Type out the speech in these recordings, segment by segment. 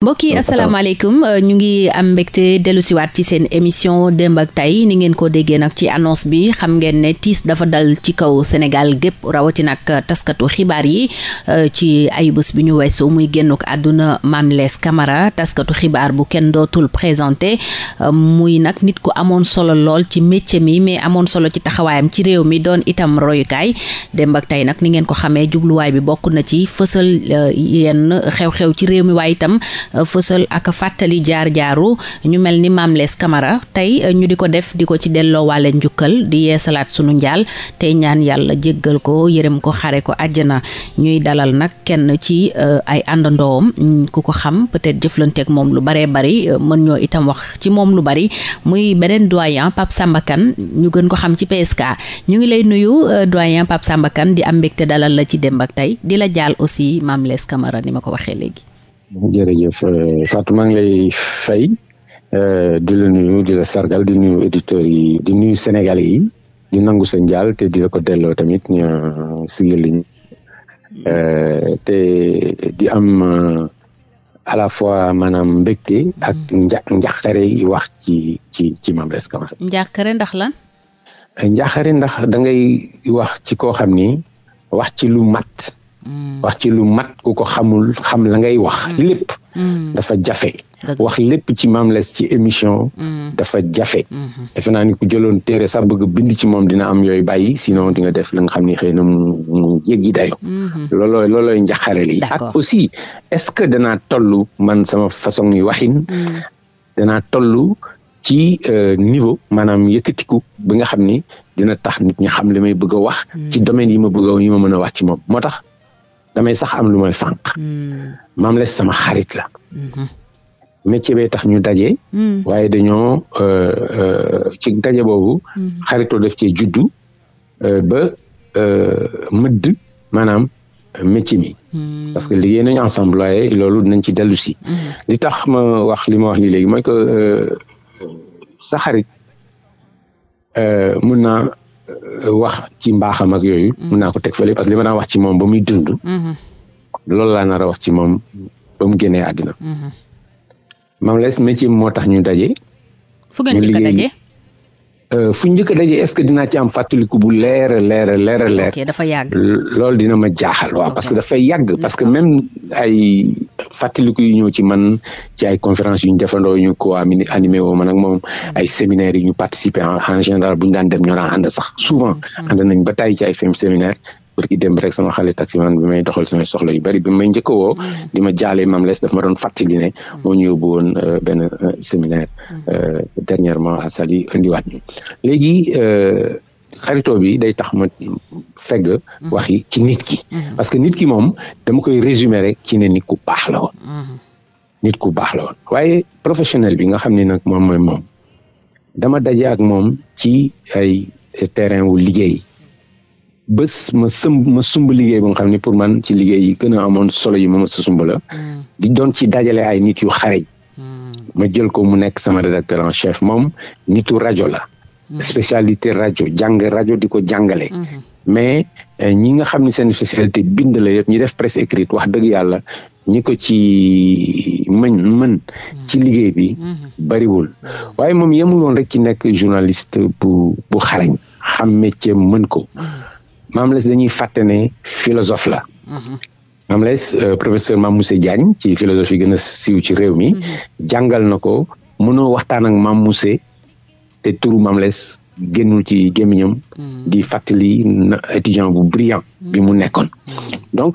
mbokk yi asalaamaaleykum euh, ñu ngi am mbégte dellusiwaat ci seen émission démb ak tay ni ngeen ko déggee nag ci annonce bi xam ngeen ne tiis dafa dal ci kaw Sénégal gépp rawatina ak taskatu xibaar yi euh, ci ayubés bi ñu weesu muy génnuk àdduna Mame Less Camara taskatu xibaar bu kenn dootul présenté euh, muy nag nit ku amoon solo lool ci métier mi mais amoon solo ci taxawaayam ci réew mi doon itam royukaay démb ak tay nag ni ngeen ko xamee jubluwaay bi bokk na ci fësal yenn xew-xew ci réew mi waaye itam Euh, fësal ak fàttali jaar-jaaru ñu mel ni maam lees Camara tey euh, ñu di ko def di ko ci delloo wàlle njukkal di yeesalaat sunu njaal tey ñaan yàlla jéggal ko yërëm ko xare ko àjjana ñuy dalal nag kenn ci euh, ay àndandoom mm, ku ko xam peut-être jëflanteeg moom lu baree bari mën ñoo itam wax ci moom lu bari muy beneen doyen pap sambakan ñu gën ko xam ci PSK ñu ngi lay nuyu doyen Pape Samba Kane di am mbégte dalal la ci démb ak tey di la jaal aussi maam lees Camara ni ma ko waxee léegi jërëjëf euh, Fatou maa ngi lay fay euh, di la di la sargal di nuyu auditeurs yi di nuyu sénégalais yi di nangu sa njaal te di la ko delloo tamit ñu euh, sigil liñ te di am à la fois maanaam mbégte ak mm. nja njaqare yi wax ci ci ci Mame ndax lan. njaqare ndax da ngay wax ci koo xam ni wax ci lu mat. Mm. wax ci lu mat ku ko xamul xam la ngay wax mm. lépp mm. dafa jafe wax lépp ci Mame Less ci émission dafa jafe mm-hmm. defe naa ni ku jëloon téere sax bëgg bind ci moom dina am yooyu bàyyi sinon di nga def la nga xam ni xëy na mu mu jéggi dayo mm-hmm. loolooy loolooy njaxare li aussi est-ce que danaa toll man sama façon yi waxin danaa toll ci euh, niveau maanaam yëkkatiku ba nga xam ni dina tax nit ñi xam li may bëgg wax ci domaine yi ma bëgg yi ma mën a wax ci moom moo tax damay sax am lu may fànq. Hmm. maam les sama xarit la. Hmm. métier bee tax ñu daje. Hmm. waaye dañoo euh, euh, ci daje boobu. xaritoo def ce juddu euh, ba mëdd maanaam métier mi. parce que liggéey nañu ensemble waaye loolu dinañ ci dellu si. li tax ma wax li ma wax nii léegi mooy que sa xarit mun naa Euh, wax ci mbaaxam ak yooyu. mun naa ko teg fële parce que li ma daan wax ci moom ba muy dund. Mm-hmm. loolu laa nar a wax ci moom ba mu génnee àddina. Mm-hmm. Mame Less métier mo tax ñu daje. fu ngeen a daje Euh, fu njëkk a daje est-ce que dinaa ci am fàttaliku bu leer a leer a leer a leer. loolu dina ma jaaxal. waaw parce que dafay yàgg parce que même ay fàttaliku yu ñëw ci man ci ay conférences yu ñu defandoo ñu ko ami animé woo man ak moom mm. ay séminaires yu ñu participer en général bu daan dem ñoo daan ànd sax souvent. Mm. ànd nañ ba tey ci ay séminaire barki dem rek sama xale taximan bi may doxal sama soxla yu bari bi may njëkk woo mm. di ma jaale Mame daf ma doon fàttali ne mm. moo ñu yóbbu woon euh, benn euh, séminaire mm. euh, dernièrement à indiwaat ñu léegi xarito bi day tax ma fegg waxi ci nit ki parce que nit ki moom dama koy résumer rek ci ne nit ku baax la woon nit ku baax la woon waaye professionnel bi nga xam ne nag moom mooy moom dama daje ak moom ci ay terrain wu liggéey bés ma sëmb ma sumb liggéey bu nga xam ne pour man ci liggéey yi gën a amoon solo yi ma mës a sumb la mm. di doon ci dajale ay nit yu xarañ mm. ma jël ko mu nekk sama rédacteur en chef moom nitu rajo la mm. spécialité rajo jàng rajo di ko jàngale mm-hmm. mais eh, ñi nga xam ni seen spécialité bind la yëpp ñi def presse écrite wax dëgg yàlla ñi ko ci mën mën ci liggéey bi mm-hmm. bariwul waaye moom yemuloon rek ci nekk journaliste bu bu xarañ xam métier mën ko Mame Less dañuy fàtte ne philosophe la mhm. Mame Less euh, professeur Mame Moussé Diagne ci philosophie gën a siiw ci réew mi mhm. jàngal na ko mënoo waxtaan ak Mame Moussé te turu Mame Less ci gémmiñam mm. di fàttali étudiant bu brillant bi mu nekkoon mm. donc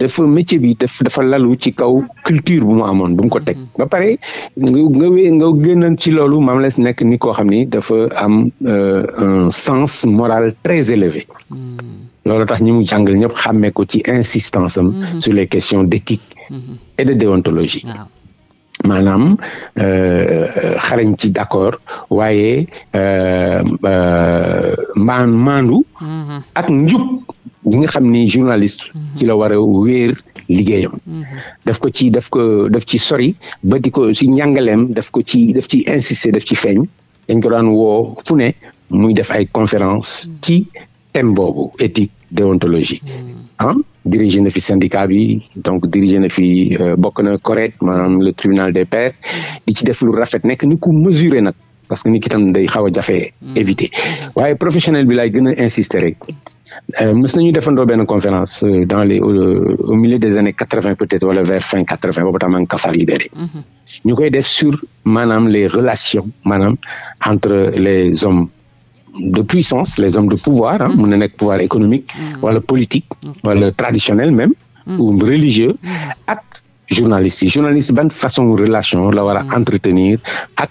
dafa métier bi daf dafa lalu ci kaw culture bu mu amoon bu ko teg mm-hmm. ba pare nga nga ci loolu Mame nekk ni koo xam ni dafa am euh, un sens moral très élevé mm. loolu tax ñi mu jàngal ñëpp xàmmee ko ci insistance am mm-hmm. sur les questions d'éthique mm-hmm. et de déontologie maanaam euh, xarañ ci d'accord waaye euh, euh, maan maandu. Mm-hmm. ak njub li nga xam ni journaliste. Mm-hmm. ci la war a wéer liggéeyam. Mm-hmm. daf ko ci def ko daf ci sori ba di ko si njàngaleem def ko ci daf ci insister daf ci feeñ dañ ko daan woo fu ne muy def ay conférence mm. ci thème boobu éthique déontologie mm. ah. dirigé na fi syndicat bi donc dirigé na fi euh, bokk na correct maanaam le tribunal des pairs di ci def lu rafet nekk ni ku mesuré nag parce que nit ki tam day xaw a jafe hmm. éviter waaye professionnel bi laay gën a insister rek euh, mës nañu defandoo benn conférence euh, dans les au milieu des années quatre vingt peut être wala vers fin quatre vingt boobu tam ak Kafar libéré hmm. ñu koy def sur maanaam les relations maanaam entre les hommes de puissance les hommes de pouvoir mun mm. na nekk pouvoir économique mm. wala politique wala traditionnel même mm. ou religieux ak journalistes yi journaliste ban façon relation la war a entretenir ak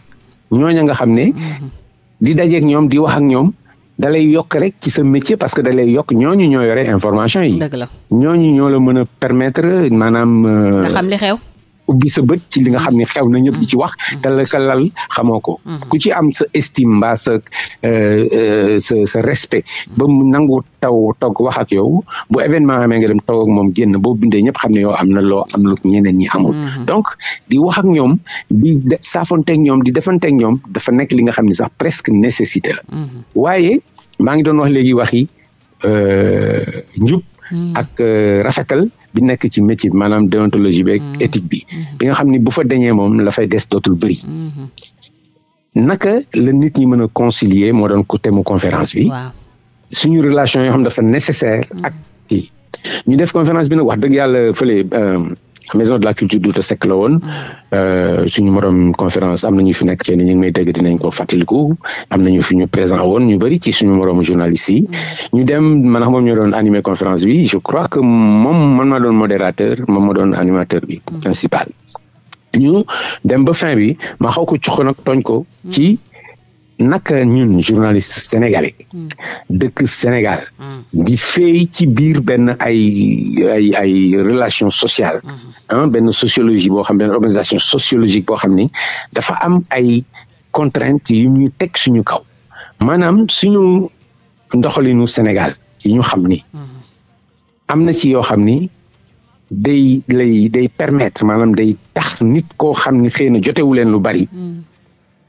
ñooña nga xam ne di dajeek ñoom di wax ak ñoom da lay yokk rek ci sa métier parce que da lay yokk ñooñu ñoo rek information yi ñooñu ñoo la mën a permettre maanaam euh, nga xam li xew ubbi sa bët ci li mm-hmm. xam ne xew na ñëpp di ci wax mm-hmm. la ka lal xamoo ko mm-hmm. ku ci am sa estime ba sa euh, euh, sa sa respect ba mu nangu taw toog waxak ak yow bu événement amee nga dem taw ak moom génn boo bindee ñëpp xam ne yow am na loo am lu ñeneen ñi amul donc di wax ak ñoom di saafonteeg ñoom di defanteeg ñoom dafa nekk li nga xam ne sax presque nécessité la waaye maa ngi doon wax léegi wax yi euh, njub ak rafetal bi nekk ci métier maanaam déontologie mm-hmm. bi ak mm-hmm. bi bi nga xam ni bu fa dañee moom la fay des dootul bëri mm-hmm. naka la nit ñi mën a concilier moo doon ko temu conférence bi suñu relation yoo xam dafa nécessaire ak kii ñu def conférence bi nag wax dëgg yàlla fële euh, maison de la culture Douta Seck la woon euh, suñu morom conférence am na ñu fi nekk ci ni ñu ngi may dégg dinañ ko fàttaliku am na ñu fi ñu présent woon ñu bëri ci suñu moromu journaliste yi mm. ñu dem man moom ñoo doon animé conférence bi je crois que moom man ma doon modérateur moom ma doon animateur bi mm. principal ñu dem ba fin bi ma xaw ko cuq nag tooñ ko mm. ci. naka ñun journaliste sénégalais hmm. dëkk Sénégal hmm. di feey ci biir benn ay ay ay relation sociale hmm. benn sociologie boo xam benn organisation sociologique boo xam ni dafa am ay contraintes yu ñu teg suñu kaw maanaam suñu ndoxalinu Sénégal yi ñu xam ni am na ci yoo xam ni day lay day permettre maanaam day tax nit koo xam ni xëy na jotewu leen lu bari.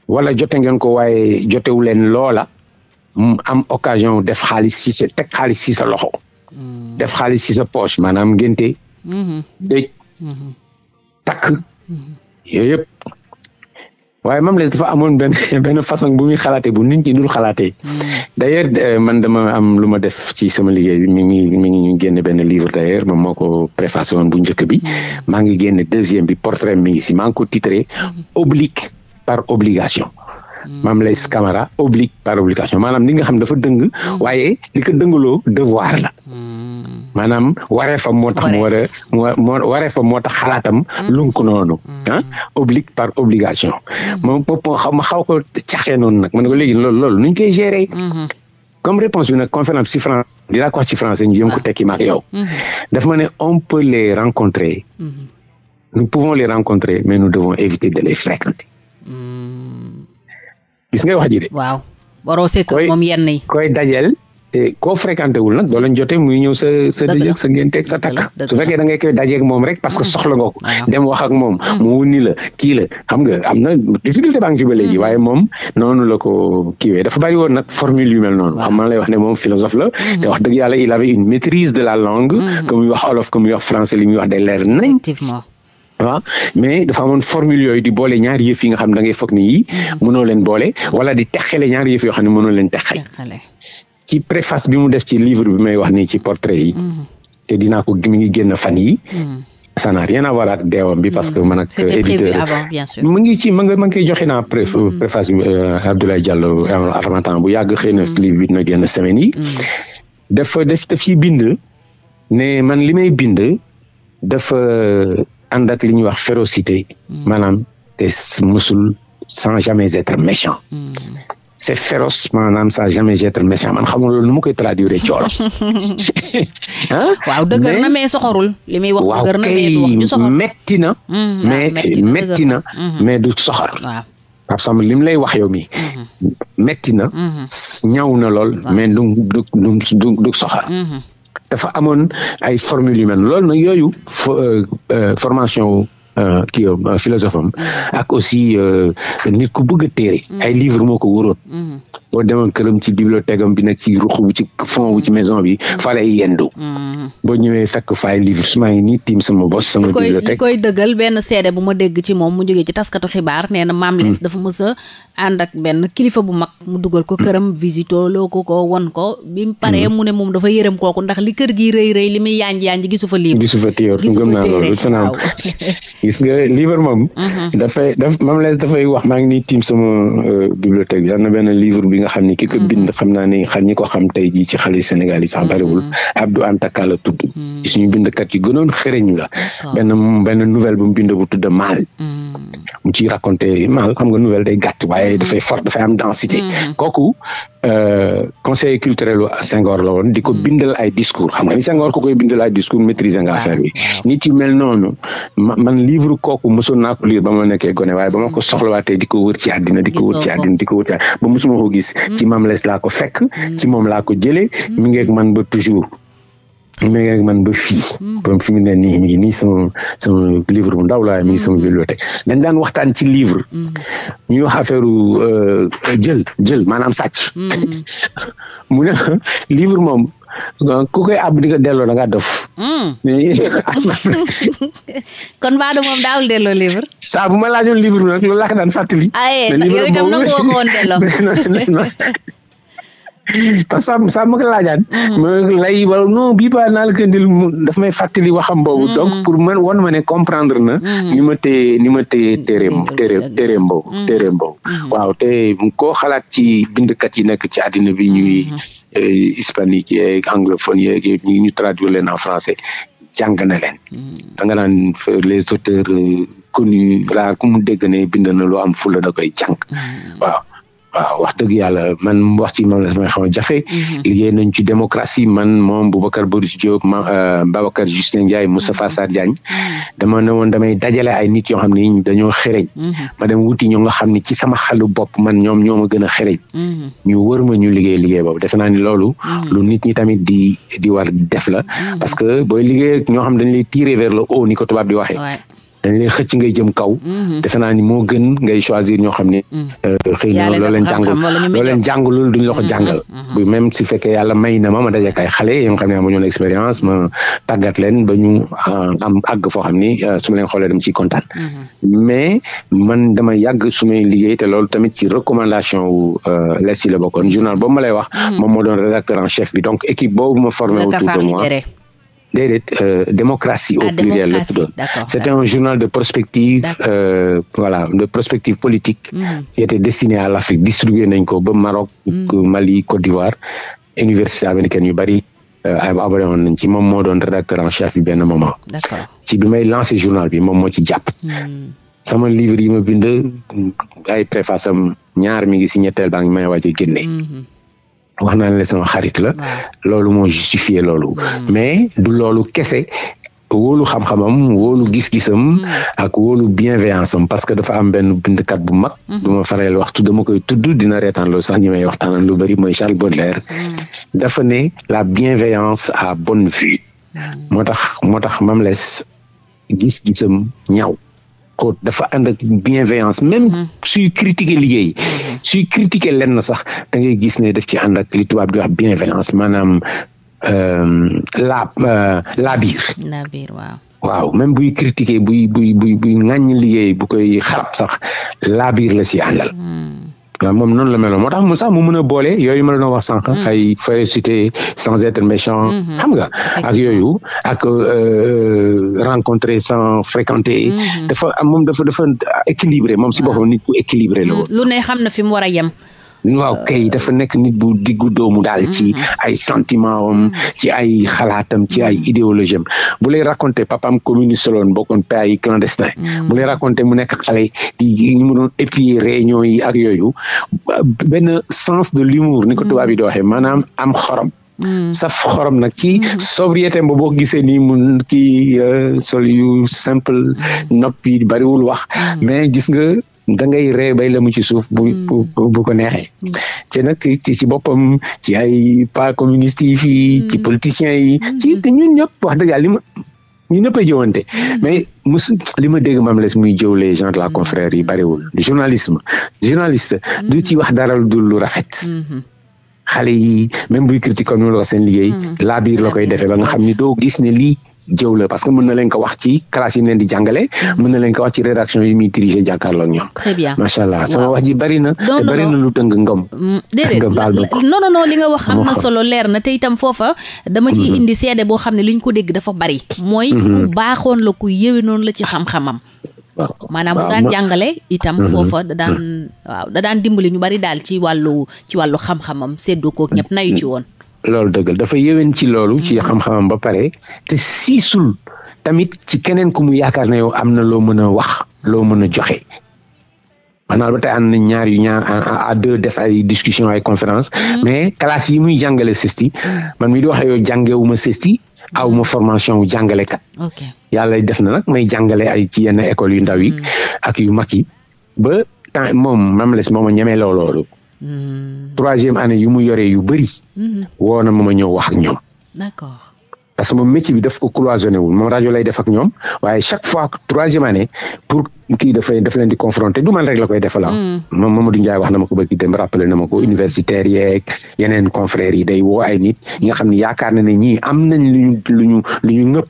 wala jote ngeen ko waaye jotewu leen loola mu am occasion def xaalis ci sa teg xaalis si sa loxo. Mm. def xaalis ci sa poche maanaam ngénte. Mm-hmm. dëj mm-hmm. takk. Mm-hmm. yooyu yëpp waaye Mame Less dafa amoon benn benn façon bu muy xalaatee bu nit ñi dul xalaatee. Mm. d'ailleurs euh, man dama am lu ma def ci sama liggéey bi mi ngi mi ngi génn benn livre d'ailleurs moom moo ko préfacé bu njëkk bi. Mm. maa ngi génn deuxième bi portrait mi ngi si maa ngi ko titré oblique. par obligation. Mm. maam lay Camara oblige par obligation maanaam li nga xam dafa dëng mm. waaye li ko dëngaloo devoir la mm. maanaam waree fa moo tax mu war a moo waree moo tax xalaatam lunk noonu ah oblige par obligation moom bopp ma xaw ko caxee noonu nag man ko léegi loolu loolu nuñ koy gérer mm-hmm. comme réponse bi nag conférence ci français di ko wax ci français ñu jëm ko ah. tekki maak yow mm-hmm. daf ma ne on peut les rencontrer mm-hmm. nous pouvons les rencontrer mais nous devons éviter de les fréquenter Mm. gis nga wax ji de. waaw waroo sekk moom yenn yi. koy dajel te koo fréquenté wul nag doo leen jotee muy ñëw sa sa dëjëg sa ngénteeg sa takk su fekkee da ngay koy dajeeg moom rek parce que mm. soxla nga ko dem wax ak moom mm. mu wuni la kii la xam nga am na difficulté baa ngi ci ba léegi waaye moom noonu la ko kiiwee dafa bari woon nag formule yu mel noonu xam man lay wax ne moom philosophe la mm-hmm. te wax dëgg yàlla il avait une maîtrise de la langue mm-hmm. que muy wax olof que muy wax français li muy wax day leer nañ ah mais dafa moon formul yooyu di boole ñaari yëf yi nga xam ne da ngay foog ni yii mm-hmm. mënoo leen boole wala di texale ñaari yëf yoo xam ne mënoo leen texale ci préface bi mu def ci livre bi may wax nii ci portrait yi mm-hmm. te dinaa ko mi ngi génn fan yi mm-hmm. ça n'a rien à voir deewam bi parce que man ak éditeur mu ngi ci ma nga ma koy joxe naa pré préface bi euh, Abdoulaye Diallo euh, bu yàgg xëy na livre bi na génn semaine yi dafa def daf ciy bind ne man li may bind dafa ànd ak li ñuy wax férocité mm. maanaam te musul sans jamais être méchant mm. c'est féroce maanaam sans jamais être méchant man xamul loolu nu mu koy traduire ci wolof ah waaw dëgër na mais soxorul li muy wax dëgër na mais du wax ju soxor metti na mm, mais metti na mm-hmm. mais du soxor Pape Samba li mu lay wax yow mi mm-hmm. na mm-hmm. ñaw na lool mais du du du soxor dafa amoon ay formules yu mel yooyu euh, euh, formation euh, kii philosophe am mm-hmm. ak aussi nit ku bëgg a téere mm-hmm. ay livre moo ko boo demoon këram ci bibliothèque am bi nekk ci ruq bu ci fond bu ci maison bi mm. fa lay yendu. Mm. boo ñëwee fekk faay livre su maa ngi nii tiim sama bos ma mu jógee ci taskatu xibaar nee na Mame Less mm. dafa a mu dugal ko këram visito loo ko ko won li kër gi rëy rëy li muy yanj yanj gisu fa livre. gisu fa téere gëm naa loolu fa naa gis nga livre mm-hmm. euh, bi am na benn livre bi nga xam ni ki ko mm-hmm. bind xam naa ne xam ñi ko xam tey jii ci xale Sénégal yi sax bariwul mm-hmm. Abdou Anta la tudd ci mm-hmm. suñu bindkat yi gënoon xereñ la benn benn nouvelle bu mu bind bu tudd Maal mu ciy raconté Maal xam nga nouvelle day gàtt waaye dafay fort dafay am densité kooku Euh, conseil culturel lu Senghor la woon di ko hmm. bindal ay discours xam nga ni Senghor ko bindal ay discours maîtriser nga affaire bi ah, nit yu mel noonu man livre kooku mosoon naa ko lire ba ma nekkee gone waaye ba ma ko hmm. soxlawaatee di ko wër ci àddina di ko wër ci àddina di ko wër ci àddina ba mosuma ko gis hmm. ci Mame Less laa ko fekk ci moom laa ko jëlee mi ngeeg man ba toujours nekk ak man ba fii hmm. ba fi mu ne nii mi ngi nii sama sama livre bu ndaw laa mi ngi sama hmm. bibliothèque dañ daan waxtaan ci livre hmm. ñuy wax affaire euh, jël jël maanaam sàcc mu ne livre moom ku koy àbb di ko delloo da ngaa dof kon Badou moom daawul delloo livre. saa ma laajoon livre bi nag laa ko daan fàttali. ah yee yooyu itam nangu woo parce que saa ma ko laajaan lay wala non bii ba naa la këndil daf may fàttali waxam boobu mm. donc pour man wan ma ne comprendre na mm. ni ma téye ni ma téye mm. téeréem téere téeréem boobu téeréem boobu waaw te koo xalaat ci bindkat yi nekk ci àddina bi ñuy eh, hispanique yeeg anglophone yeeg yëpp ñu traduire leen en français jàng na leen da nga naan euh, les auteurs euh, connus laa ku mu dégg ne bind na loo am fula da koy jàng waaw waaw wax dëgg yàlla man wax ma moom la samay a jafe. Mhm. liggéey nañ ci démocratie man moom Boubacar Boris Diop ma euh, Babacar Justin Ndiaye Moustapha mhm. Sarr Diagne mhm. dama ne woon damay dajale ay nit yoo xam ne dañoo xereñ. ma dem wuti ñoo nga xam ne ci sama xalu bopp man ñoom ñoo ma gën a xereñ. ñu wër ma ñu liggéey liggéey boobu defe na ni loolu. lu nit ñi tamit di di war def la. parce que booy liggéey ak ñoo xam dañ lay tirer vers le haut ni ko tubaab di waxee. dañ lay xëcc ngay jëm kaw. Mhm. defe naa ni moo gën ngay choisir ñoo xam ne. Mhm. Euh, xëy na loo leen jàngul loo leen jàngulul duñ la ko mhm. bu même si fekkee yàlla may na ma ma daje ak ay xale yoo xam ne amuñu expérience ma tàggat leen ba ñu euh, am àgg foo xam ni euh, su ma leen xoolee dama ciy kontaan. mais man dama yàgg su may liggéey te loolu tamit ci recommandation wu les yi la bokkoon journal boobu ma lay wax. moom moo doon rédacteur en chef bi donc équipe boobu ma formé autour de moi. déedéet euh, démocratie au ah, pluriel la tudd c'était un journal de prospective euh, voilà de prospective politique mm. qui était destiné à l'Afrique distribué nañ ko ba Maroc mm. Mali Côte d'Ivoire université américaine yu bari euh, abonné woon nañ ci moom moo doon rédacteur en chef bi benn moment ci bi may lancé journal bi moom moo ci jàpp mm. sama livre yi ma bind ay préface ñaar mi ngi si ñetteel baa may waaj a génne mm-hmm. wax naa la sama xarit la loolu moo justifié loolu mm. mais du loolu kese woolu xam-xamam wóolu gis-gisam mm. ak wóolu bienveillance am parce que dafa am benn bindkat bu mag du mm-hmm. ma faral wax tudd dama koy tudd dina reetaan loolu sax ñi may waxtaanal lu bëri mooy Charles Baudelaire mm. dafa ne la bienveillance à bonne vue moo tax moo tax Mamles gis-gisam ñaw ko dafa ànd ak bienveillance même mm-hmm. suy critiquer liggéey mm-hmm. suy critiquer lenn sax da ngay gis ne daf ci ànd ak li tubaab di wax bienveillance maanaam euh, la euh, la biir la biir waaw waaw même buy critique buy buy buy buy ŋàññ liggéey bu koy xarab sax la biir la si àndal mm-hmm. waaw moom noonu la meloon moo tax mu sax mu mën a boole yooyu ma la doon wax sànq. Mm. ay férocité sans être méchant. Mm-hmm. xam nga ak yooyu ak euh, euh, rencontrer sans fréquenter. Mm-hmm. dafa am moom dafa dafa équilibré moom si ah. boppam ni ku équilibré la mm, woon. lu ne xam na fi mu war waaw euh, kay dafa nekk nit bu diggu doomu daal mm, ci mm, mm. ay sentiment am ci ay xalaatam ci ay idéologie bu lay raconté papaam communiste loon bokkoon pays clandestin bu lay raconté mu nekk xale di ñu mu doon épier réunion yi ak yooyu benn sens de l'humour ni ko tubaab yi maanaam am xorom saf xorom nag ci sobriété ba boo gisee nii mun kii euh, sol yu simple noppi bariwul wax mais gis da ngay ree bay la mu ci suuf hmm. bu bu ko neexee hmm. te nag ci ci boppam ci ay pas communiste yi fii hmm. ci politiciens yi ci ñun ñëpp wax dëgg yàlla li ma ñu ñëpp a jëwante mais mus li ma dégg maam les muy jëw les gens de la confrère yi bariwul journalisme journaliste du ci wax dara lu dul lu rafet xale yi même buy critique comme ni ma la seen liggéey laa biir la defee ba nga xam ni doo gis ne lii jëw la parce que mun na leen ko wax ci classe yi di jàngale mm-hmm. mën na leen ko wax ci rédaction yi muy dirigé jàkkaarloo ñoom. très bien macha allah sama wax ji bari na. non bari na lu tëng ngëm. Mm, déedéet non non li nga wax am na solo leer na te itam foofa. dama ciy mm-hmm. indi seede boo xam ne li ñu ko dégg dafa bari. mooy ku mm-hmm. baaxoon la ku yewe noonu la ci xam-xamam. maanaam mu daan jàngale itam foofa da daan waaw da daan dimbali ñu bari daal ci wàllu ci wàllu xam-xamam séddoo koog ñëpp nayu ci woon. loolu dëgg dafa yéwén ci loolu ci mm-hmm. xam-xamam ba pare te siisul tamit ci keneen ku mu yaakaar na yow am na loo mën a wax loo mën a joxe maanaam ba te am na ñaar yu ñaar à deux def ay discussion ay conférence mm-hmm. mais classe yi muy jàngale CESTI mm-hmm. man mi di wax yow jàngewuma CESTI aw ma formation wu jàngalekat yàlla def na nag may jàngale ay ci yenn école yu ndaw yi ak yu mag yi ba temps moom Mame moom mooma ñemee loolu Hmm. troisième année yu mu yoree yu bëri. Hmm. woo na ma ma ñëw wax ak ñoom. d'accord parce que moom métier bi daf ko cloisonné wul moom rajo lay def ak ñoom waaye chaque fois troisième année pour kii dafay daf leen di confronter du man rek la koy defal. Ah. moom Mamadou Ndiaye wax na ma ko ba kii dem rappelé na ma ko hmm. universitaire yeeg yeneen confrères yi day woo ay nit ñi nga xam ne yaakaar na ne ñii am nañ lu ñu lu ñu lu ñu ñëpp.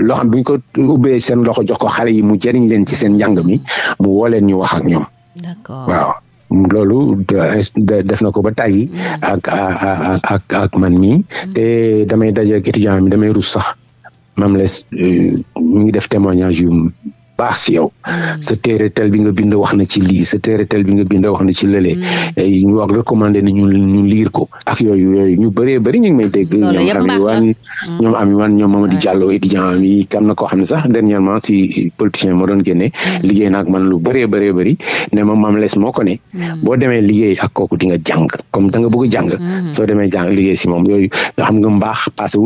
loo xam bu ko ubbee seen loxo jox ko xale yi mu jëriñ leen ci seen njàng mi mu woo leen ñu wax ak ñoom. loolu def na ko ba tàyyi mm. ak ak ak man mii mm. te damay daje ak étudiant mi damay rus sax mam les euh, mi ngi def témoignage yu baax si yow mm. sa téere tel bi nga bind a na ci lii sa téere tel bi nga bind a na ci lële mm. ñu wax recommandé na ñu ñu liir ko ak yooyu yooyu ñu bëree bëri ñu ngi may dégg ñoom ami waan mm. ñoom ami waan ñoom Mamadou Diallo étudiant am yi kam na koo xam ne sax dernièrement si politicien moo doon génne liggéey naag man lu bëree bëree bëri ne ma maam les moo ne boo demee liggéey ak kooku di nga jàng comme da nga soo demee jàng liggéey si moom yooyu xam nga mbaax passé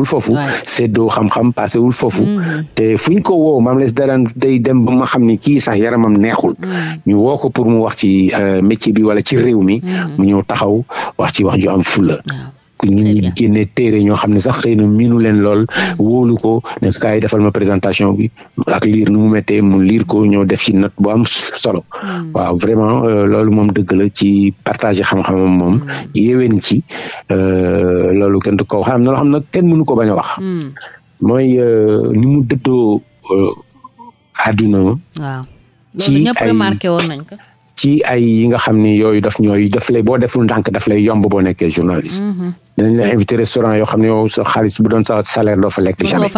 dem ma xam ni kii sax yaramam neexul mm. ñu woo ko pour mu wax ci euh, métier bi wala ci réew mi mm. mu ñëw taxaw wax ci wax ju am fulla ku ñu ñi génne téere ñoo xam ne sax xëy na miinu leen lool mm. wóolu ko ne kaay defal ma présentation bi ak liir nu mu méttee mu liir ko ñoo def ci note bu am solo waaw vraiment euh, loolu moom dëgg la ci partager xam-xamam moom yéwén ci euh, loolu kenn du ko xam na loo xam nag kenn mënu ko bañ a wax mooy ni mu dëddoo àdduna waaw loolu ñëpp remarqué woon nañ ci ay yi nga xam ni yooyu daf ñooy daf lay boo deful ndànk daf lay yomb boo nekkee journaliste. Mm-hmm. dinañ la invité restaurant yoo xam ne yow sa xaalis bu doon sa salaire doo fa lekk. jamais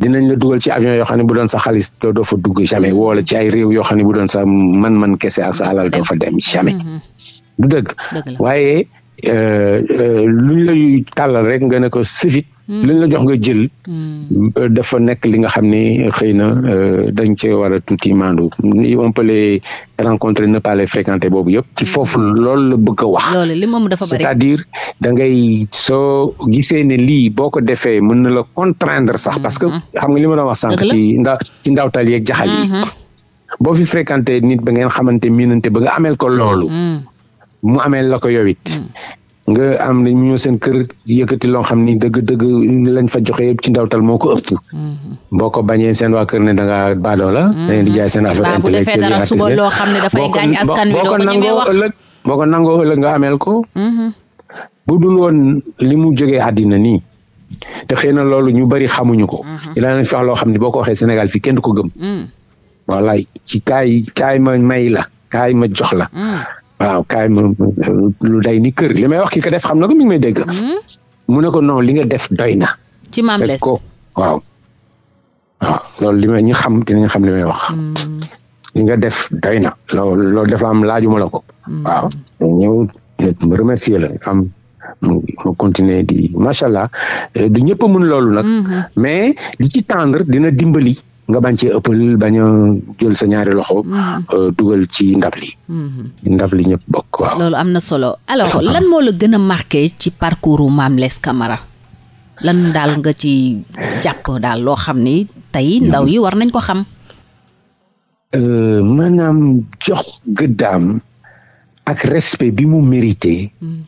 dinañ la dugal ci avion yoo xam ne bu doon sa xaalis doo fa dugg jamais mm-hmm. wala ci ay réew yoo xam ne bu doon sa man-man kese ak sa alal doo fa dem jamais. Mm-hmm. du dëgg waaye. Euh, euh, lu ñu lay tàllal rek nga ne ko sifit hmm. lu la jox nga jël hmm. euh, dafa nekk li nga xam ne xëy na dañ cee war tuuti maandu on peut les rencontrer ne pas les boobu yëpp ci hmm. foofu lool la bëgg a wax c'est-à-dire da ngay soo gisee ne lii boo ko defee mën na la contraindre sax parce que xam nga li ma doon wax sànq ci ndaw ci ndawtal yeeg jaxal yi boo fi fréquenté nit ba ngeen xamante miinante ba nga ameel ko loolu mu amee la ko yow mm. nga am li ñu seen kër yëkkati loo xam ni dëgg-dëgg lañ fa joxe yëpp ci ndawtal moo ko ëpp. Mm-hmm. boo ko bañee seen waa kër ne danga ngaa baadoo la. Mm-hmm. dañuy di jaay seen affaire intellectuelle yi artistes yi loo xam ne dafay gaañ askan ko ñemee wax boo ko nangoo ëllëg nga ameel ko. Mm-hmm. bu woon li mu jógee àddina nii. te xëy na loolu ñu bari xamuñu ko. dinaa leen fex loo xam ne boo ko waxee Sénégal fii kenn du ko gëm. Mm. wala ci kaay kaay ma may la kaay ma jox la. Mm. waaw kaay ma lu day ni kër li may wax ki ko def xam na ko mi ngi degg dégg. Hmm? mu ne ko non li nga def doy na. ci maam les ko waaw. waaw loolu li may ñu xam dinañ xam li may wax. Hmm. li nga def doy na loolu loolu dafa am laajuma la ko. Hmm. waaw ñëw ma remercier la am mu continuer di macha allah eh, du ñëpp mun loolu nag. mais li ci tendre dina dimbali. nga bañ cee ëppal bañ a jël sa ñaari loxo. Mm-hmm. Euh, dugal ci ndab li. Mm-hmm. ndab li ñëpp bokk loolu am na solo alors lan moo la gën a marqué ci parcours Mame Less Camara lan daal nga ci jàpp daal loo xam ni tey ndaw yi war nañ ko xam. Euh, maanaam jox gëddaam ak respect bi mu mérité. Mm-hmm.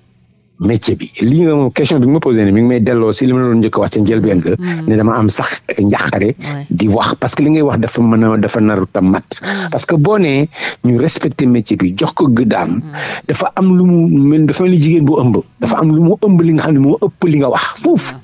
métier bi lii nga moom question bi nga ma posé ne mi ngi may delloo si li ma doon njëkk a wax ca njëlbeen ga hmm. ne dama am sax njàqare di wax parce que li ngay wax dafa mën a dafa naru ta mat hmm. parce que boo nee ñu respecté métier bi jox ko gëddaam hmm. dafa am lu mu mel dafa mel ni jigéen bu ëmb dafa am lu mu ëmb li nga xam ne moo ëpp li nga wax foofu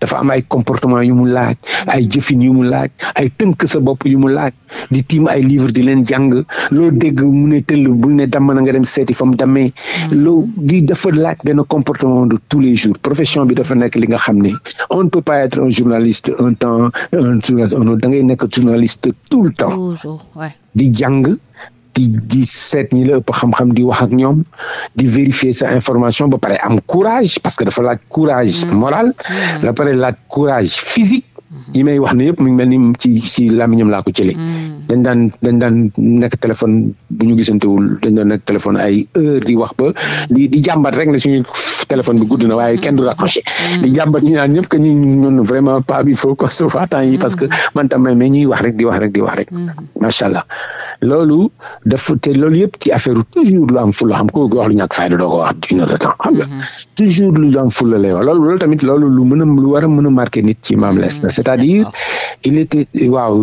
dafa am ay comportement yu mu laaj ay jëfin yu mu laaj ay tënk sa bopp yu mu laaj di tiim ay livre di leen jàng loo dégg mu ne tëll bu ne dama na nga dem seeti fa mu dammee hmm. loo di dafa laaj benn comportement de tous les jours profession bi dafa nekk li nga xam ne on ne peut pas être un journaliste un temps un journaliste da ngay nekk journaliste tout le temps di jàng di di seet ñi la ëpp xam-xam di wax ñoom di vérifier sa information ba pare am courage parce que dafa laaj courage mm. moral mm. ba pare laaj courage physique mm-hmm. yi may wax ne yëpp mu ngi mel ni ci ci làmmiñam laa ko jëlee mm. dañ daan dañ daan nekk téléphone bu ñu gisantewul dañ daan nekk téléphone ay heure di wax ba di di jàmbat rek ne téléphone bi gudd na waaye kenn du raccroché mm. di jàmbat ñu naan ñëpp vraiment pas il faut qu'on se voit yi parce que mm. man tam mm. loolu yëpp ci affaire toujours lu am fulla xam mm-hmm. loolu tamit loolu lu mën a lu a mën a marqué nit ci Mame Less mm-hmm. c'est-à-dire il était waaw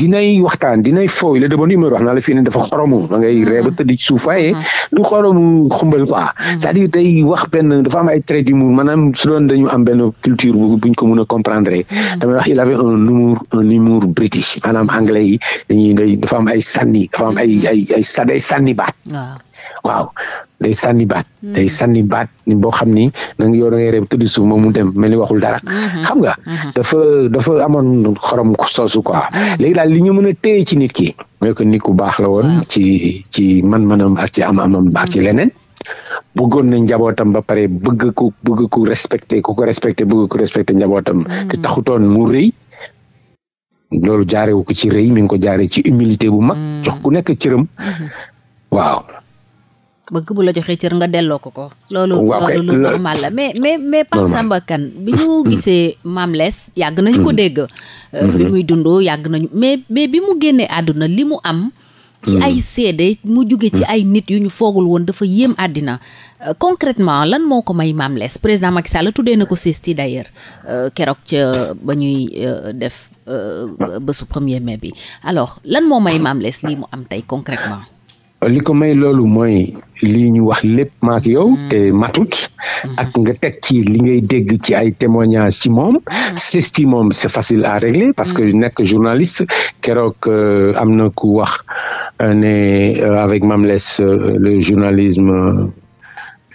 dinay waxtaan dinay fooy la de bonne humeur wax naa la fii ne dafa xoromu da ngay ree ba mm-hmm. tëdd ci suuf waaye du xoromu xumbal quoi c'est-à-dire day wax benn benn dafa am ay traits d'humour maanaam su doon dañu am culture bu buñ ko mën a comprendre hmm. damay wax il avait un humour un humour british maanaam anglais yi dañuy day dafa am ay sànni dafa am ay hmm. ay ay sa day sànni baat waaw day sànni baat hmm. day sànni baat boo xam ni nangi nga yow da ngay reeb suuf moom mu dem mel ni waxul dara xam nga dafa dafa amoon xorom soosu quoi léegi daal li ñu mën a téye ci nit ki mooy que nit baax la woon ci ci man a ak ci am amam ak ci leneen bëggoon na njabootam ba pare bëgg ku bëgg ku respecté ku ko respecté bëgg ku respecté njabootam mm. te taxutoon mu rëy loolu jaarewu ko ci rëy mi ngi ko jaare ci humilité bu mag mm. jox ku nekk cëram mm-hmm. waaw bëgg bu la joxee cër nga delloo ko ko loolu loolu lu normal la mais mais bi ñu mm. gisee Mame Less yàgg nañu ko dégg euh, bi mm-hmm. mais bi mu génnee àdduna li mu am ci hmm. ay seede mu jóge ci hmm. ay nit yu ñu foogul woon dafa yéem àddina euh, concrètement lan moo ko may maam Less président Macky la tuddee na ko CESTI d'ailleurs euh, keroog ca ba ñuy euh, def bésu premier mais bi alors lan moo may Mame Less lii mu am tey concrètement li ko may loolu mooy lii ñu wax lépp maak yow hmm. te matut hmm. ak nga teg ci li ngay dégg ci ay témoignages ci moom sës hmm. ci moom c'est facile à régler parce que nekk journaliste keroog euh, am na ku wax euh, ne euh, avec Mame Less le journalisme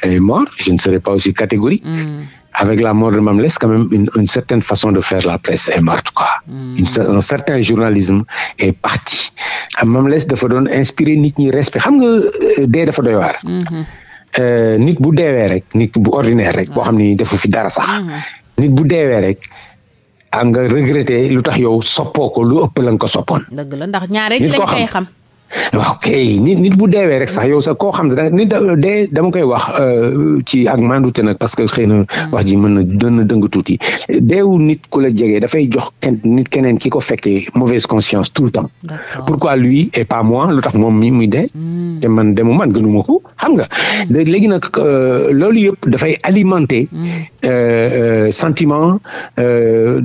est mort je ne serai pas aussi catégorique avec la mort de Mame Less quand même une, certaine façon de faire la presse est morte quoi mm. une, un certain journalisme est parti Mame Less dafa doon inspiré nit ñi respect xam nga euh, dee dafa doy waar. Mm-hmm. Euh, nit bu deewee rek nit bu ordinaire rek boo xam ni defu fi dara sax. Mm-hmm. nit bu deewee rek. a nga lu tax yow soppoo ko lu ëpp la ko soppoon. dëgg la ndax xam waaw kay nit nit bu deewee rek sax yow sax koo xam ne da nit dama koy wax euh, ci ak mandute nag parce que xëy na mm. wax ji mën na doon na dëng tuuti deewu nit ku la jege dafay jox kenn nit keneen ki ko fekkee mauvaise conscience tout le temps pourquoi lui et pas moi lu tax moom mi muy dee mm. te man demu man gënuma ko xam nga mm. léegi nag euh, loolu yëpp dafay alimenter euh, sentiment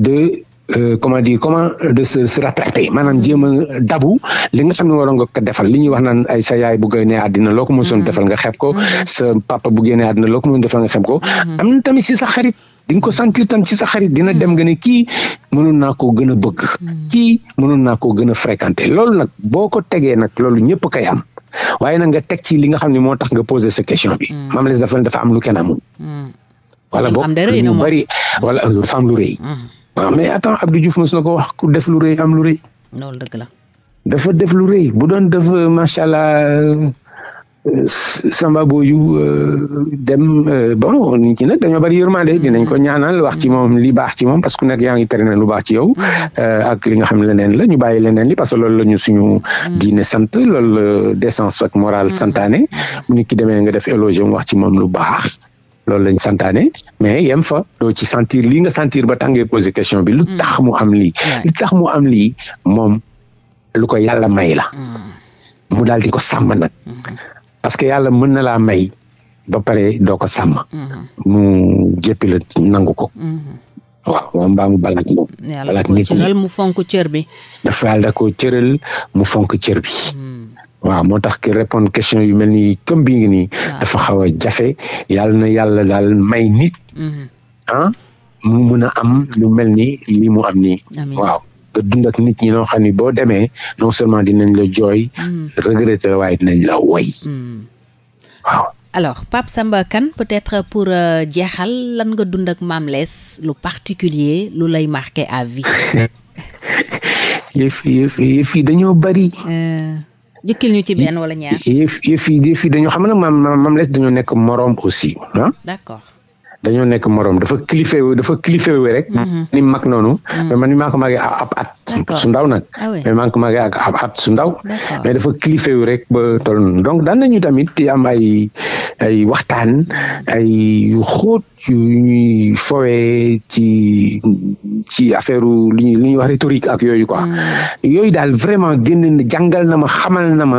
de Euh, comment dire comment de se rattraper maanaam jéem a dabu li nga xam ne waroon nga ko defal li ñuy wax naan ay sa yaay bu génnee àddina loo ko mësoon mm-hmm. defal nga xeeb ko mm-hmm. sa papa bu génnee àddina loo ko mësoon defal nga xeeb ko mm-hmm. am na tamit si sa xarit di nga ko sentir tam ci sa xarit dina dem nga ne kii mënoon naa koo gën a bëgg kii mënoon naa koo gën a fréquenter loolu nag boo ko tegee nag loolu ñëpp kay am waaye nag nga teg ci li nga xam ne moo tax nga poser sa question bi Mame Less dafa dafa am lu kenn wala boo lu bari wala dafa am lu rëy waaw mais attends Abdou Diouf mos na ko wax ku def lu rëy am lu rëy. loolu dëgg la. dafa def lu rëy bu doon def euh, macha allah euh, Samba Boyou euh, dem bon nit ñi nag dañoo bari yërmande dinañ ko ñaanal wax ci moom li baax ci moom parce que ku nekk yaa ngi tere na lu baax ci yow ak li nga xam leneen la ñu bàyyi leneen li parce que loolu la ñu suñu mm. diine sant loolu décence ak morale mm. santaane bu mm. nit ki demee nga def éloge wax ci moom lu baax. loolu lañ santaane mais yem fa doo ci santir lii nga sentir ba tax ngay poser question bi lu mm. tax mu am lii lu tax mu am lii moom lu ko yàlla may la mm. mu daal di ko sàmm nag mm. parce que yàlla mën na laa may ba pare doo ko sàmm mu jéppi nangu ko waaw moom mu balaat moom balaat nit mu fonk cër bi dafa yàlla ko cëral mu fonk cër bi waaw moo tax ki répondre question yu mel nii comme bi ngi nii dafa xaw a jafe yàlla na yàlla daal may nit mhm. ah, mu mun a am lu mel ni lii mu am nii waaw nga dund ak nit ñi noo xam ni boo demee non seulement dinañ la jooy mhm. regretter la waaye dinañ la woy mhm. waaw alors Pape Samba Kane peut-être pour euh, jeexal lan nga dund ak maam lees lu particulier lu lay marqué à vie yëf yëf dañoo bari euh. jëkkil ñu ci benn wala ñaar. yëf yëf yi dañoo xam ne maam maam les dañoo nekk moroom aussi ah. d'accord. dañoo nekk moroom dafa kilife dafa kilife rek. Mhm. ni mag noonu. Mhm. mais man maa ko màggee ab at. su ndaw nag. Ah mais maa ko màggee ak at su ndaw. mais dafa kilife wu rek ba toll noonu donc daan nañu tamit am ay ay waxtaan ay yu xóot yu ñuy fowee ci ci affaire li ñuy li ñuy wax rhétorique ak yooyu quoi. Mm. yooyu daal vraiment génn jàngal na ma xamal na ma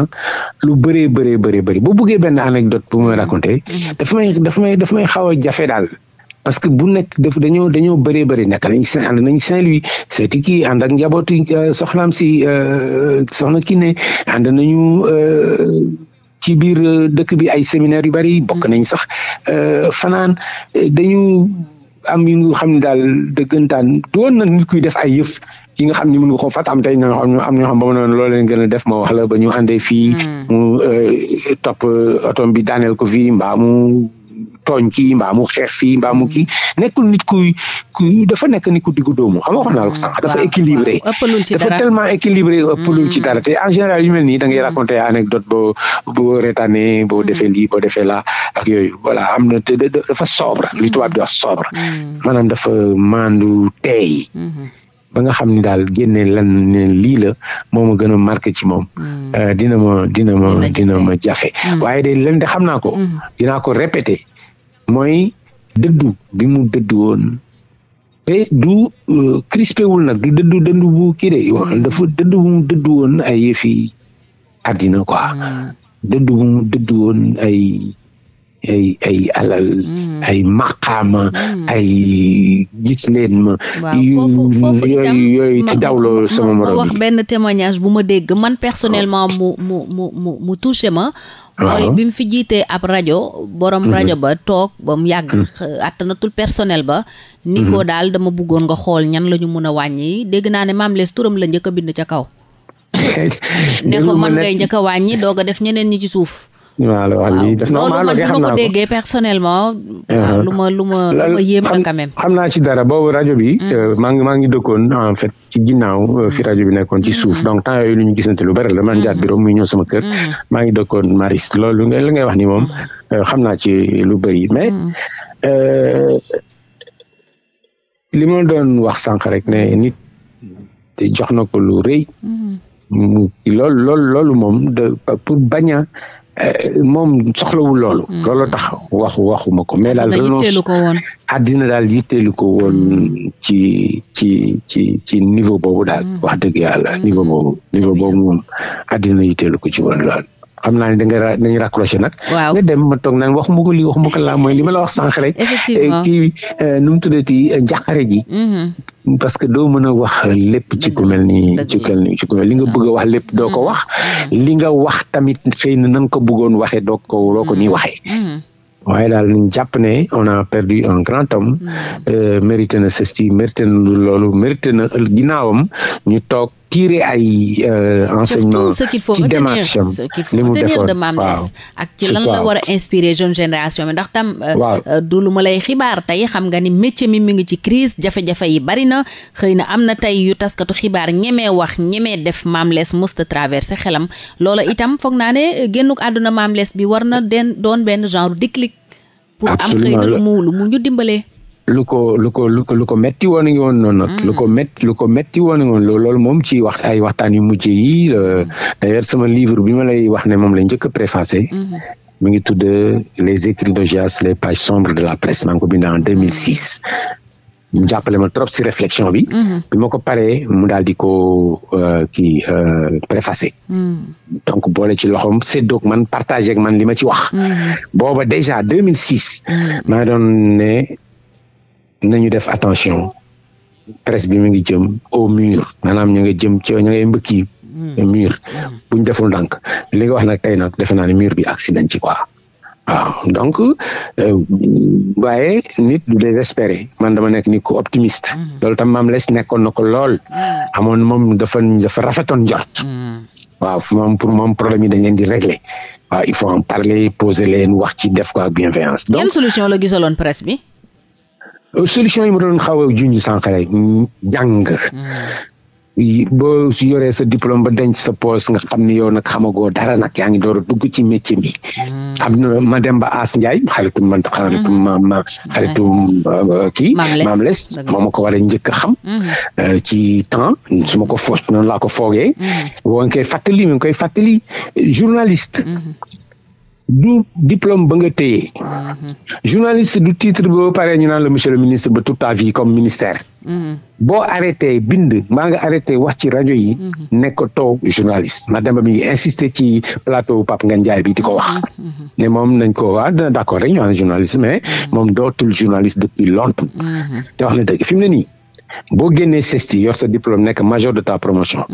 lu bëree bëree bëri bëri bu buggee benn anecdote bu may mm. raconter. Mm. dafa may dafa may daal. parce que bu nekk daf dañoo dañoo bëree bëri nekk nañ Saint ànd nañ Saint-Louis seeti kii ànd ak njabootu euh, soxnaam si euh, soxna kii ne ànd nañu euh, ci biir dëkk bi ay séminaire yu bari bokk mm. nañ sax fanaan dañu am yu xam ne daal dëggantaan doon na nit koy def ay yëf yi nga xam ni mën nga ko fat am tey ñoo am ñoo xam ba mu noonu loolu leen gën a def moo wax la ba ñu fii mm. mu topp otom bi daaneel ko fii mbaa tooñ kii mbaa mu xeex fii mbaa mu kii nekkul nit kuy kuy dafa nekk nit ku diggu doomu xam nga wax naa la ko sànq dafa équilibré dafa tellement équilibré ëppalul ci mm-hmm. dara te en général yu mel nii da ngay mm-hmm. raconté anecdote boo boo retané boo mm-hmm. defee lii boo defee laa ak yooyu voilà am na te dafa sobre li tubaab di wax maanaam dafa maandu teey ba nga xam ni daal génne lan ne lii la moo ma gën a marqué ci moom euh, dina ma dina ma jafe waaye de leen de xam naa ko répété mooy dëddu bi mu dëddu woon te du euh, crispé wul nag du dëddu dëndu bu kii de dafa dëddu bu mu dëddu woon ay yëfi àddina quoi hmm. dëddu bu mu woon ay ay ay alal mm. ay maqaama mm. ay gis leen ma yooyu yooyu ci dawlo sama morom wax bu ma dégg man personnellement mu mu mu mu mu touché ma mooy bi mu fi jiitee ab rajo borom mhm. rajo ba toog ba mu yàgg mhm. attanatul personnel ba ni mhm. ko daal dama bëggoon nga xool ñan la ñu mun a wàññi dégg naa ne maam lees turam la njëkk a bind ca kaw ne man ngay njëkk wàññi doog def ñeneen ñi ci suuf maa ah, la wax lii def naa maa xam naa ko déggee personnellement. lu ma lu ma lu ma xam naa ci dara boobu rajo bi. Mm. Eh, maa ngi maa ngi dëkkoon en ah, fait ci ginnaaw eh, fi mm. rajo bi nekkoon ci suuf mm. donc temps yooyu lu ñu gisante lu bari la man jaar bureau muy ñëw sama kër. maa ngi dëkkoon Maris loolu nga li ngay wax ni moom eh, xam naa ci lu bari mais. li doon wax sànq rek ne nit jox na ko lu rëy. mu loolu loolu moom pour bañ a Eh, moom soxlawul loolu. Mm. loolu tax wax waxuma ko mais daal. renonce àddina daal yitteelu ko woon mm. ci ci ci ci niveau boobu daal. Mm. wax dëgg yàlla niveau boobu. niveau boobu moom àddina yitteelu ko ci woon lool. xam naa ne da nga dañu raccroché nag nga dem ma toog naan wax mu ko li wax mu ko laa mooy li ma la wax sànq rek eh, kii eh, nu mu tuddati njàqare eh, ji mm-hmm. parce que doo mën a wax lépp ci ku ni ci ku mel li nga bëgg wax lépp doo ko wax mm-hmm. li nga wax tamit xëy na na nga ko bëggoon waxee doo ko doo ko nii mm-hmm. waxee waaye daal nañ jàpp ne on a perdu un grand homme euh, mérité na sesti mérité loolu mérité na ginnaawam ñu toog tirer ay euh, enseignement ci démarche am li mu defoon de ak ci lan la war a inspirer jeune génération bi ndax tam euh, euh, du lu ma lay xibaar tey xam nga ni métier mi mi ngi ci crise jafe-jafe yi bari na xëy na am na tey yu taskatu xibaar ñemee wax ñemee def Mame Niass musta traversé xelam loola itam foog naa ne génnuk àdduna maam lees bi war na den doon benn genre déclic pour am xëy na lu mu lu mu ñu dimbalee lu ko lu ko lu ko lu ko métti woon ngi woon noonu nag mm. lu ko métti lu ko métti loolu moom ci waxtaan yu mujj yi sama livre bi ma lay wax ne moom la njëkk a préfacé mm-hmm. mi ngi tudd les écrits de Dias les pages sombres de la presse maa ngi ko bind en 2006 mu jàppale ma trop si réflexion bi. Mm-hmm. bi ma ko paree mu daal di ko euh, kii euh, préfacé. Mm-hmm. donc boole ci loxoom séddoog man partagé ak man li ma ci wax. booba déjà 2006. maa doon nañu def attention presse bi mu ngi jëm au mur maanaam ñoo ngi jëm ci ñu ngay mbëkki hmm. mur hmm. buñ deful ndànk li nga wax nag tey nag defe naa ne mur bi agsi nañ ci quoi a donc euh, waaye nit du désespéré man dama nekk nit ku optimiste hmm. loolu tam maam les nekkoon na ko lool amoon moom dafa dafa rafetoon njort waaw moom pour moom problème yi dañ leen di régler waaw il faut en parler poser leen wax ci def ko ak bienveillance donc yan solution la gisaloon presse bi solution yi ma doon xaw a junj sànq rek boo hmm. boo yoree sa diplôme ba denc sa poste nga xam ni yow nag xamagoo dara nag yaa ngi door a dugg ci métier bi. Hmm. am na ma dem ba As Ndiaye xaritu man xaritu ma hmm. ma xaritu euh, kii. moo ma ko war njëkk a xam. Euh, ci temps su ma ko foos noonu laa ko foogee. boo ngi koy fàttali mi ngi koy fàttali journaliste. du diplôme ba nga téye mhm. journaliste du titre ba pare ñu naan la monsieur le ministre ba toute ta vie comme ministère mhm. boo arrêté bind maa nga arrêté wax ci rajo yi mhm. nekk nekkatoo journaliste ma dem ba mi insister ci plateau Pape Ngagne Ndiaye bi di ko wax ne moom nañ ko waa ah, dina d'accord rek ñu naan journaliste mais moom dootul journaliste depuis longtemps te wax na dëgg fi mu ne nii boo génnee CESTI yor sa diplôme nekk major de ta promotion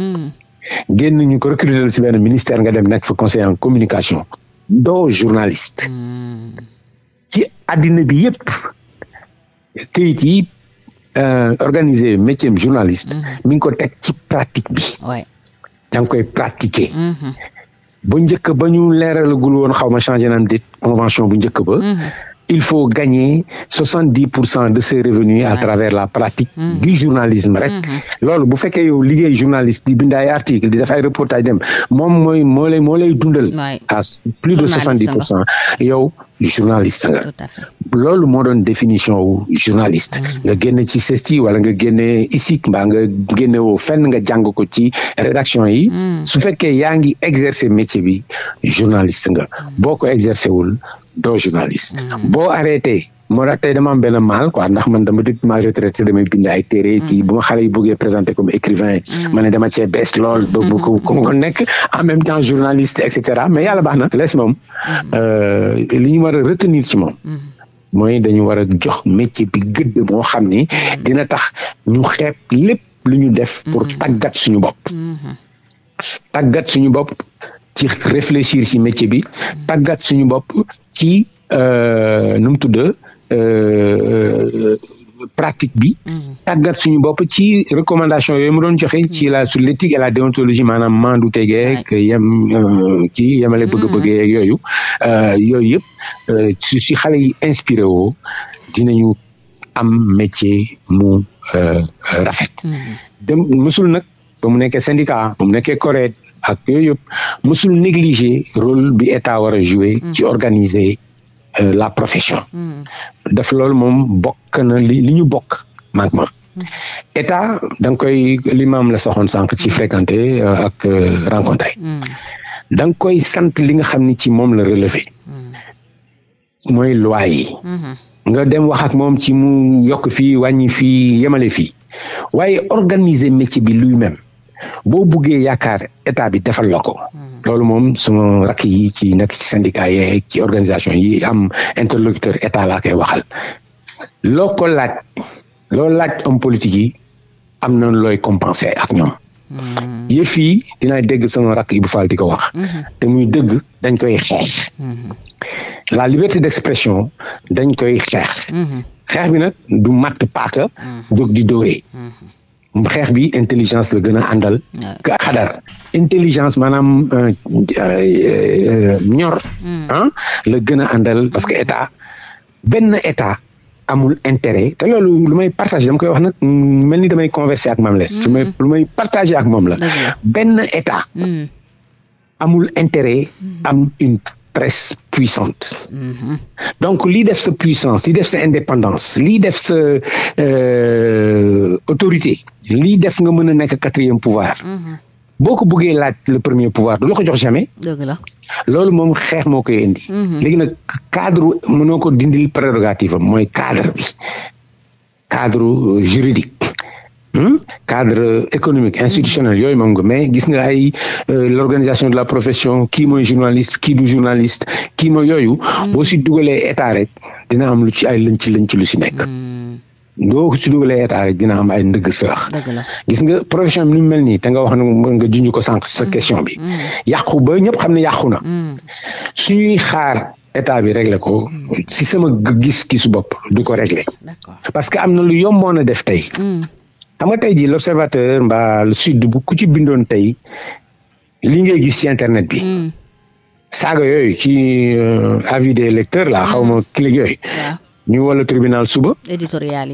génn ñu ko recruter si benn ministère nga dem doo journaliste ci àddina bi yëpp kayit yi euh, organiser métier journaliste mm-hmm. mi ngi ko teg ci pratique bi da nga koy pratiquer mm-hmm. bu njëkk ba ñu leeralagul woon xaw ma changé naam déet convention bu njëkk ba mm-hmm. il faut gagner soixante dix pour cent de ses revenus à travers la pratique mm. du journalisme rek mm-hmm. loolu bu fekkee yow liggéey journaliste di bind ay article di def ay reportage dem moom mooy moo lay moo lay dundal à plus de soixante dix pour cent yow journaliste nga loolu moo doon définition wu journaliste mm-hmm. nga génne ci ti wala nga génne ISIC mbaa nga génne woo fenn nga jàng ko ci rédaction yi mm. su fekkee yaa ngi exercer métier bi journaliste nga mm. boo ko exercer wul doo journaliste mm. boo arrêté moo tax tey dama am benn maal quoi ndax man dama dëkk ma retraité damay bind ay téere kii mm. bu ma xale yi bëggee présenté comme écrivain mm. ma ne dama cee lool bu ko mm. ko nekk en même temps journaliste et cetera mais yàlla baax na lees moom euh, li ñu war a retenir ci moom mooy dañu war a jox métier bi gëdd boo xam ni dina tax ñu xeeb lépp lu ñu def pour tàggat suñu bopp mm-hmm. tàggat suñu bopp ci réfléchir ci métier bi tàggat suñu bopp ci euh, nu mu tudd Euh, euh, pratique bi. Mhm. tàggat suñu bopp ci recommandation yooyu mu doon joxe. Mhm. ci la sur l'éthique et la déontologie maanaam maandu tegeek yem ci euh, yemale mhm. bëgg-bëggee yooyu yooyu yëpp su si xale yi inspiré woo dinañu am métier mu rafet. dem musul nag ba mu nekkee syndicat ba mu nekkee CORED ak yooyu yëpp musul négliger rôle bi état war a ci organiser. Euh, la profession. Mm. def loolu moom bokk na li ñu bokk manquement. Mm. état danga koy li maam la soxoon sànq ci mm. fréquenté euh, ak euh, rencontré. da nga koy sant li nga xam ni ci moom la relevé. mooy loi yi. Mm-hmm. nga dem wax ak moom ci mu yokk fii wàññi fii yemale fii waaye organiser métier bi lui-même. boo buggee yaakaar état bi defal la ko. Mhm. loolu moom suma rakk yi ci nekk ci syndicat yi ci organisation yi am interlocuteur état laa koy waxal loo ko laaj loo laaj homme politique yi am na looy compenser ak ñoom. Mhm. yëf yi dinaa dégg sama rakk Ibou Fall di ko wax. Mhm. te muy dëgg dañ koy xeex. la liberté d'expression dañ koy xeex. xeex bi nag du matt paaka. jóg di dóoree. xeex bi intelligence la gën a àndal. ka xadar intelligence maanaam euh, euh, ñor. Mm. Ah, la gën a àndal parce que état benn état amul intérêt te loolu lu may partagé dama koy wax nag mel ni damay conversé ak Mame Less. Mm. lu may lu ak moom la. benn état. Mm. amul intérêt am une presse puissante. Mhm. donc lii def sa puissance lii def sa indépendance lii def sa euh, autorité lii def nga mën a nekk quatrième pouvoir. Mm boo ko bëggee laaj le premier pouvoir du la ko jox jamais. dëgg la loolu moom xeex moo koy indi. Mm -hmm. léegi nag cadre mënoo ko dindil prérogative am mooy cadre bi cadre euh, juridique. Hmm? cadre économique institutionnel yooyu moom nga mais gis nga ay euh, l'organisation de la profession kii mooy journaliste kii du journaliste kii mooy yooyu hmm. boo si dugalee état rek dina am lu ci ay lëñ ci lëñ ci lu si nekk doo hmm. si dugalee état dina am ay ndëgg sërax gis nga profession bi ni mel nii te nga wax na nga junj ko sànq sa question bi yàqu ba ñëpp xam ne yàqu na suñuy xaar état bi réglé ko si sama gis-gisu bopp du ko réglé parce que am na lu yomboon def tey xam nga l' observateur mbaa le sud bu ku ci bindoon tey li nga gis ci internet bi. Hmm. saaga yooyu ci euh, avis des lecteurs la xaw ma hmm. clic yooyu. ñu wala tribunal suba. éditorial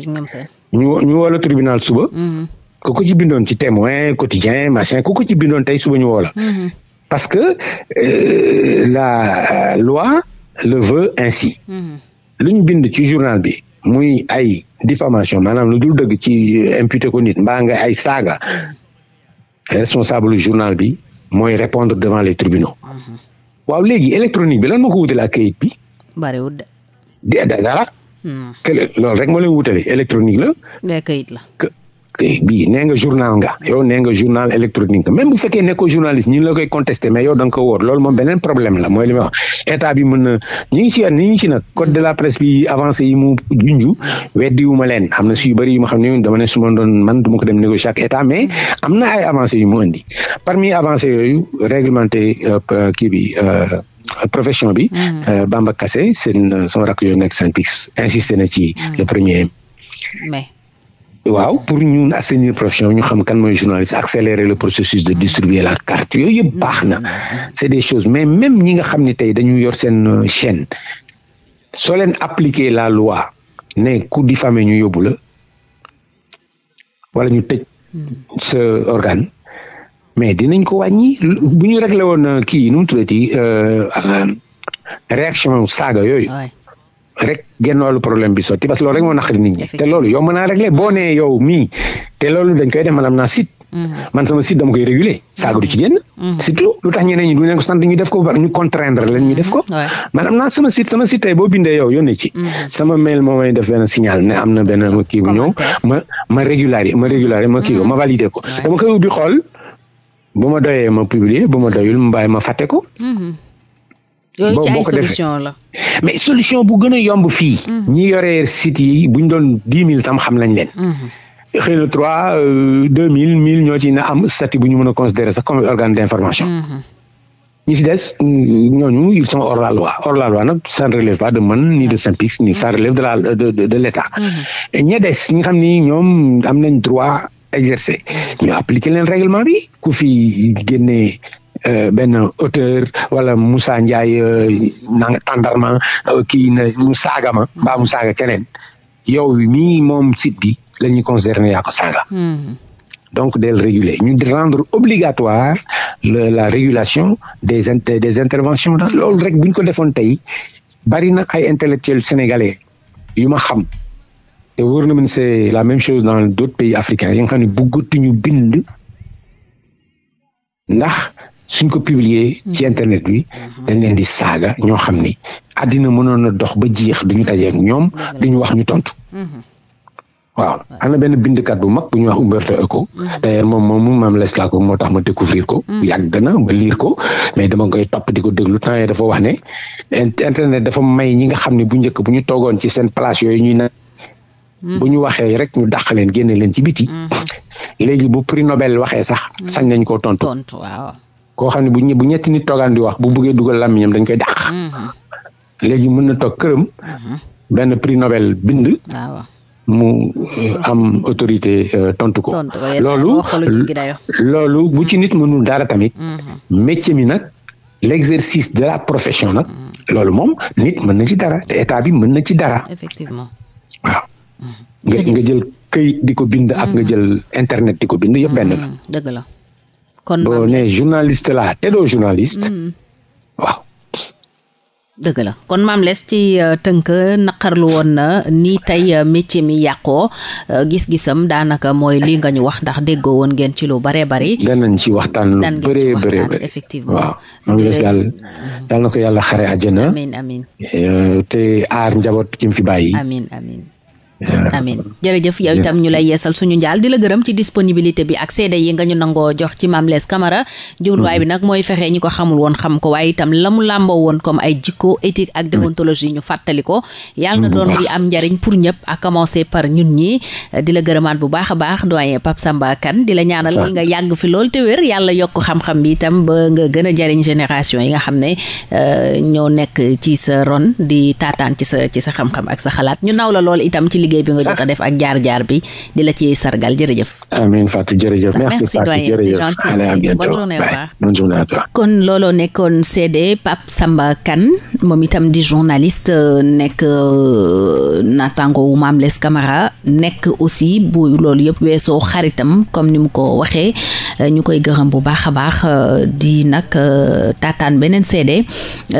ñu ñu tribunal suba. Hmm. ku ko ci bindoon ci témoin quotidien machin ku ko ci bindoon tey suba ñu woola parce que euh, la loi le ainsi. lu ñu bind ci journal bi muy ay diffamation maanaam lu dul dëgg ci imputé ko nit mbaa nga ay saaga responsable journal bi mooy répondre devant les tribunaux mm-hmm. waaw léegi électronique bi lan moo ko wutale ak kayit bi. bariwul de. dara. Mm. loolu rek moo leen wutale électronique la. mais kayit la. Eh, bii nee nga journal nga yow nee journal électronique même bu fekkee nekkoo journaliste ñi la koy contesté mais yow da nga ko wóor loolu moom beneen problème la mooy li ma wax état bi mën na ñu ngi si ñu ngi de la presse bi avancé yi mu junju weddiwuma leen am na si yu bëri yu xam ne dama ne su doon man du ko dem négocier état mais am na ay avancé yu mu indi parmi avancé yooyu réglementé euh, kii bi euh, profession bi mm. euh, Bamba Kassé seen sama rakk yooyu nekk Synpics waaw pour ñu assainir profession ñu xam kan mooy journaliste accélérer le processus de distribuer la carte yooyu yëpp baax na c'est des choses mais même ñi nga xam ne tey dañu yor seen euh, chaîne soo leen la loi ne ku diffamé ñu yóbbu la wala ñu tëj sa organe mais dinañ ko wàññi bu ñu réglé woon euh, kii nu mu tuddati euh, réaction saaga yooyu. rek genn wàllu problème bi sotti parce que loolu rek moo naqari nit ñi te loolu yow mën naa régler boo nee yow mii te loolu dañ koy def man am naa site mhm. man sama site dama koy réguler saaga du ci génn mhm. surtout lu tax ñeneen ñi du leen ñu def ko war ñu contraindre leen ñu def ko mhm. man am naa sama site sama site tey boo bindee yow yónnee ci sama mail moo may def benn signal ne am na benn ma kii bu ñëw ma ma régulariser ma régulariser ma kii ko ma valider ko dama koy ubbi xool bu ma doyee ma publier ba ma doyul mu bàyyi ma fàtte ko yooyu ci ay solution la mais solution bu gën a yomb fii. Mhm. ñi yore sites yi bu ñu doon dix mille tam xam lañ leen. Mhm. xëy na trois euh, deux mille mille ñoo ci na am statut bu a considérer sax comme organe d'information. Mhm. ñi si des ñooñu ils sont hors la loi hors la loi nag ça ne de man ni de SYNPICS ni ça relève de la de de de l'État. ña des ñi xam ni ñoom am nañ droit exercer ñu appliquer leen règlement bi ku fi génnee Euh, benn auteur wala Moussa Ndiaye euh, nanga tàndarma euh, kii na mu saaga ma mbaa mu saaga keneen yow mii moom site bi la ñuy concerné yaa ko saaga hmm. donc del réguler ñu rendre obligatoire la régulation des inter, des interventions da loolu rek bu ñu ko defoon tey bari na ay intellectuels sénégalais yu ma xam te wóor na mën c'est la même chose dans d'autres pays africains yo nga xam ne bëggatuñu bind ndax suñ ko publier ci hmm. internet bi dañ leen di saaga ñoo xam ni àddina mënoon na dox ba jeex duñu dajeek ñoom hmm. duñu wax ñu tontu hmm. waaw am na benn bindkat bu mag bu ñuy wax Umberto Eco d'ailleurs eh, moom moom maam les ko moo tax ma découvrir ko yàgg na ba ko mais dama koy topp di ko déglu temps yii dafa wax ne internet dafa may ñi nga xam ne bu njëkk bu ñu toogoon ci seen place yooyu ñu na bu ñu waxee rek ñu dàq leen génne leen ci biti léegi bu prix Nobel waxee sax sañ nañ koo tontu waaw koo xam ne bu bu ñetti nit toogaan di wax bu buggee dugal làmmiñam dañ koy dàq mm-hmm. léegi mën na toog këram mm-hmm. benn prix Nobel bind ah, mu euh, am autorité euh, tontu ko loolu loolu bu ci nit mënul dara tamit mm-hmm. métier mi nag l'exercice de la profession nag loolu moom nit mën na ci dara te état bi mën na ci dara effectivement waaw nga nga jël këyit di ko bind ak nga jël internet di ko bind yëpp benn la kon doo ne journaliste laa mm. te la kon Mame ci euh, tënk naqarlu woon na ni tey euh, métier mi yàqoo euh, gis-gisam daanaka mooy lii nga ñu wax ndax déggoo woon ngeen ci lu bare bari. danañ ci waxtaan lu bëree bëree effectivement waaw Mame Less daal na ko yàlla xare àjjana. amiin amiin te aar njaboot ki mu fi bàyyi. amiin amiin. amin jërëjëf yow itam ñu lay yeesal suñu njaal di la gërëm ci disponibilité bi ak seede yi nga ñu nangoo jox ci Mame kamara Camara jubluwaay bi mm-hmm. nag mooy fexee ñi ko xamul woon xam ko waaye itam la mu làmboo woon comme ay jikko éthique ak mm-hmm. déontologie ñu fàttali ko yàlla na mm-hmm. doon luy am njariñ pour ñëpp à commencer par ñun ñi di la gërëmaat bu baax a baax doyen Pape Samba Kane di la ñaanal nga yàgg fi lool te wér yàlla yokk xam-xam bi itam ba nga gën a jariñ génération yi nga xam ne euh, ñoo nekk ci sa ron di taataan ci sa ci sa xam sa xalaat liggéey bi nga jot a ah. def ak jaar jaar bi di la ci sargal jërëjëf. amiin Fatou jërëjëf. merci Fatou jërëjëf allez à bientôt looloo nekkoon CD Pape Samba Kane moom itam di journaliste euh, nekk euh, naataango wu Mame Less Camara nekk aussi bu loolu yëpp weesoo xaritam comme ni mu ko waxee euh, ñu koy gërëm bu baax a baax di nag taataan beneen CD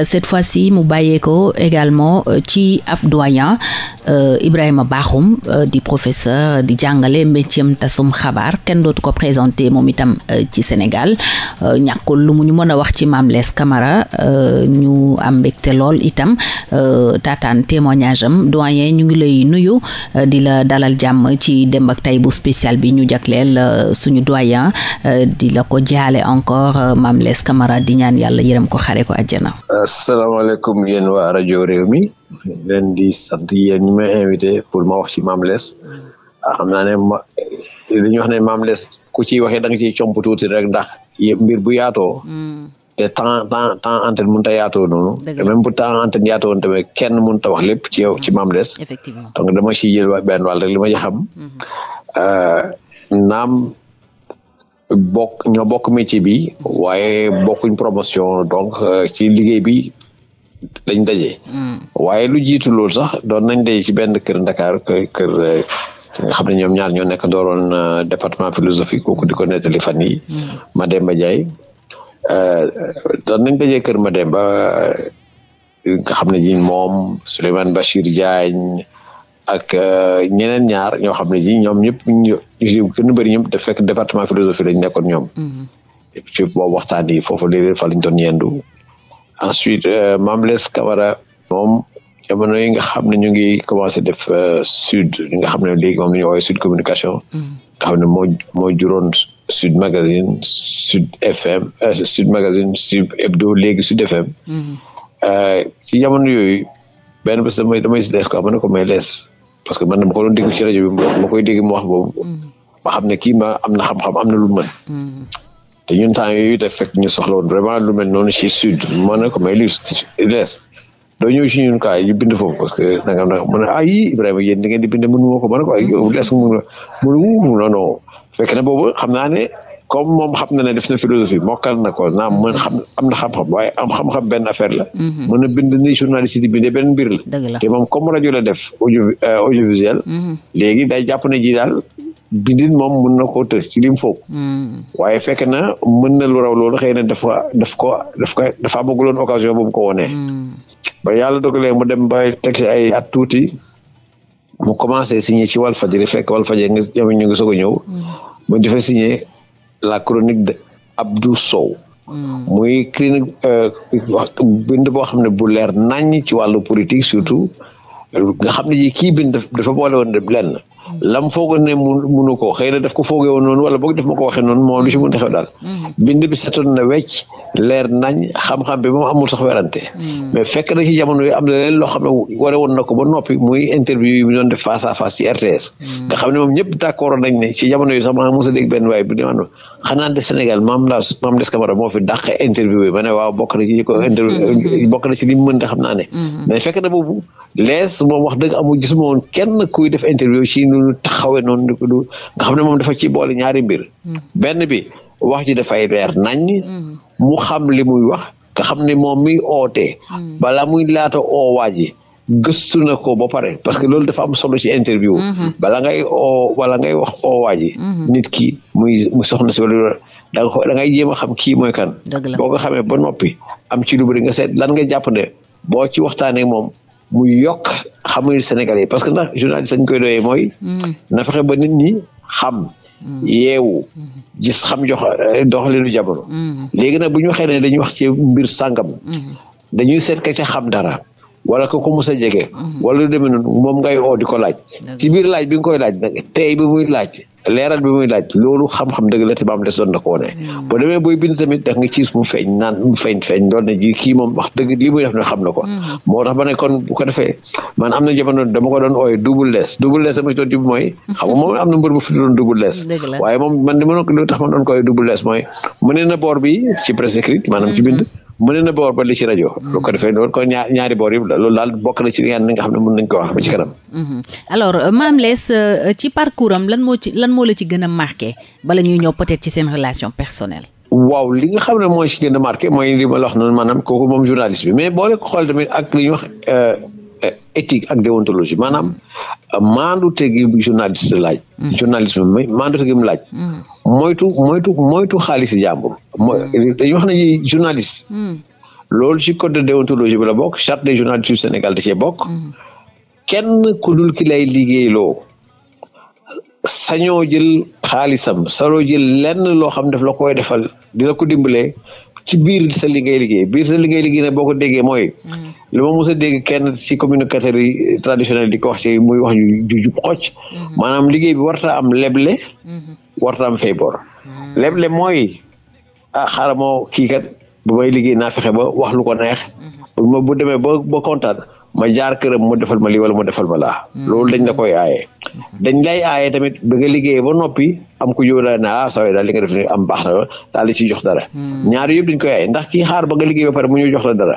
cette fois-ci mu bàyyee ko également ci ab doyen Ibrahima Ba. Bakhoum euh, di professeur di jàngale métier tasum xabaar kenn dootu ko présenté moom itam euh, ci Sénégal euh, ñàkkul lu mu ñu mën a wax ci Mame Less Camara ñu am mbégte lool itam taataan témoignage am doyen ñu ngi lay nuyu di la dalal jàmm ci Demb ak Tay bu spécial bi ñu jagleel suñu doyen di la ko jaale encore maam lees Camara di ñaan yàlla yërëm ko xare ko àjjana leen di sant yéen ñu invité pour ma wax ci Mame Less waaw ah, xam naa ne ma eh, li ñuy wax ne Mame ku ciy waxee danga nga ciy comp tuuti rek ndax mbir bu yaatoo hmm. te temps temps temps antenne mënut a yaatoo noonu te même bu temps te yaatoo woon tamit kenn mënut wax lépp ci yow ci Mame Less donc ci ciy jël benn wàll rek li ma ci xam hmm. euh, naam bokk ñoo bokk métier bi waaye bokkuñ promotion donc euh, ci liggéey bi dañ daje. Hmm. waaye lu jiitu loolu sax doon nañ daje ci benn kër Ndakaar kër kër xam ne ñoom ñaar ñoo nekk dooroon euh, département philosophie kooku di ko nettali fan yi hmm. Mademba Ndiaye euh, doon nañ daje kër Mademba euh, nga xam ne ji moom Souleymane Bachir Diagne ak ñeneen ñaar ñoo xam ne ji ñoom ñëpp ñu gën a bëri ñoom te fekk département philosophie lañ nekkoon ñoom. Hmm. ci boobu waxtaan yi foofu léeg-léeg fa lañ doon yendu ensuite euh, Mame Less Camara moom yi nga xam ne ñu ngi commencé def euh, sud ñi nga xam ne léegi moom la ñu woowee sud communication mm. nga xam ne moo moo juróon sud magazine sud fm euh, sud magazine sud hebdo léegi sud fm mm. euh, ci jamono yooyu benn bés damay damay si lees quoi ma ne ko may lees parce que man dama ko doon dégg ci rajo bi ma koy dégg wax boobu mm. ma xam ne kii ma am na xam-xam am na lu te ñun temps yooyu daf fekk ñu soxla woon vraiment lu mel noonu ci sud mën na ko may li l'est doo ci ñun kaay ñu bind foofu parce que nangam nangam mu ne ah yii Ibrahima yéen da ngeen di bind mënu ma ko mën ko est ce que mënu non non fekk na boobu xam naa ne comme moom xam na ne def na philosophie mokkal na ko naam mën xam am na xam-xam waaye am xam-xam benn affaire la mhm. mën a bind ni journaliste di bindee benn mbir la te moom comme rajo la def audio euh, audiovisuel mhm. léegi day jàpp ne ji daal bindin moom mën na koo te ci lim foog mhm. waaye fekk na mën na lu raw loolu xëy na dafa daf ko daf ko dafa amaguloon occasion bu mu ko wone ba yàlla dogalee mu dem ba teg ci ay at tuuti mu commencé signé ci Walfadjri fekk Walfadjri nga ñu ngi soog a ñëw mu dafa signé la chronique de Abdou Sow. Hmm. muy clinique euh, bind boo xam ne bu leer naññ ci wàllu politique surtout nga xam ne yi kii bind dafa boole woon de lenn lam foogoon ne munu ko ko foogee woon noonu wala boog daf ma ko waxee noonu moom lu ci mun a xew daal mhm. bind bi setoon na wecc leer nañ xam-xam bi moom amul sax werante mhm. mais fekk na ci jamono yi am na leen loo xam ne wane woon na ko ba noppi muy interview yi mu doon def face à face ci RTS mhm. nga xam ne moom ñëpp d'accord nañ ne ci jamono yi sax maa mos a maam la maam des Camara moo fi dàq interview yi ne ci ñi ko euh, kenn kuy def interview ci du taxawee noonu du nga xam ne moom dafa ci boole ñaari mbir. Mm. benn bi wax ji dafay leer nañ. Mm. mu xam li muy wax nga xam ne moom miy ootee. Mm. balaa muy laata oowaa ji gëstu na ko ba pare parce que loolu dafa am solo ci interview. Mm-hmm. bala ngay oo wala ngay wax oowaa mm-hmm. nit ki mu soxna si wala da nga da ngay jéem a xam kii mooy kan. boo xamee ba noppi am ci lu bëri nga seet lan nga jàpp ne boo ci waxtaanee moom. muy yokk xamuñu sénégal yi parce que ndax journaliste dañ koy doyee mooy. Mm. na fexe ba nit ñi xam. Mm. yeewu mm-hmm. gis xam jox eh, doxalinu jamono. Mm-hmm. léegi nag bu ñu waxee ne dañuy wax ci mbir sàngam. Mm-hmm. dañuy seet ka ca xam dara. wala ko ko a jege. Mhm. wala lu demee noonu moom ngay oo di ko laaj. ci biir laaj bi nga koy laaj nag tey bi muy laaj leeral bi muy laaj loolu xam-xam dëgg la te ba am des doon na ko wane. Mhm. boo demee booy bind tamit da nga ciis mu feeñ naan mu moom wax dëgg li muy xam na ko. Mhm. moo tax ma ne kon bu ko defee man am na jamono dama ko doon ooyee double lees double lees dama ci doon jub mooy. xam nga moom am na mbër bu fi doon double lees. waaye moom man li ma doon li tax ma doon koy double lees mooy mu ne na boor bi ci presse écrite maanaam mën na boor ba li ci rajo. lu mm-hmm. ko defee loolu ko ñaari boor yëpp loolu daal bokk na ci li nga xam ne mën nañ ko wax ci kanam. Mm-hmm. alors Mame Less euh, ci parcours am lan moo ci lan moo la ci gën a marqué bala ñuy ñëw peut-être ci seen relation personnelle. waaw li nga xam ne mooy ci gën a marqué mooy li ma la wax noonu maanaam kooku moom journaliste bi mais boole ko xool tamit ak li ñuy wax. Euh, Eh, éthique ak déontologie maanaam euh, maandu tegi journaliste laaj. Mm. journalisme bi maandu tegi mu laaj. Mm. moytu moytu moytu xaalis jàmbur. mooy mm. dañuy wax ne journaliste. loolu ci code de déontologie bi la bokk charte des journalistes du de da cee bokk. kenn ku dul ki lay liggéeyloo sañoo jël xaalisam saloo jël lenn loo xam daf la koy defal di la ko dimbalee ci biir sa liggéey liggéey biir sa li ngay liggéey nag boo ko déggee mooy mm. li ma mos a dégg kenn ci communicateur yi traditionnel di ko wax ci muy wax ju jub xocc mm-hmm. maanaam liggéey bi warta am leble mm-hmm. warta am fay bor mm. leble mooy ah xaaral moo kii kat bu may liggéey naa fexe ba wax lu ko neex mm-hmm. bu ma bu demee ba ba kontaan ma jaar këram mu defal ma li wala mu defal ma laa. Hmm. loolu dañ la koy aaye. Hmm. dañ lay aaye tamit ba nga liggéeyee ba noppi am ku yow daal ne ah daal li nga def ni am baax na daal di ciy jox dara. Hmm. ñaari yëpp dañ ndax kii xaar ba nga liggéey ba pare mu ñëw jox la dara.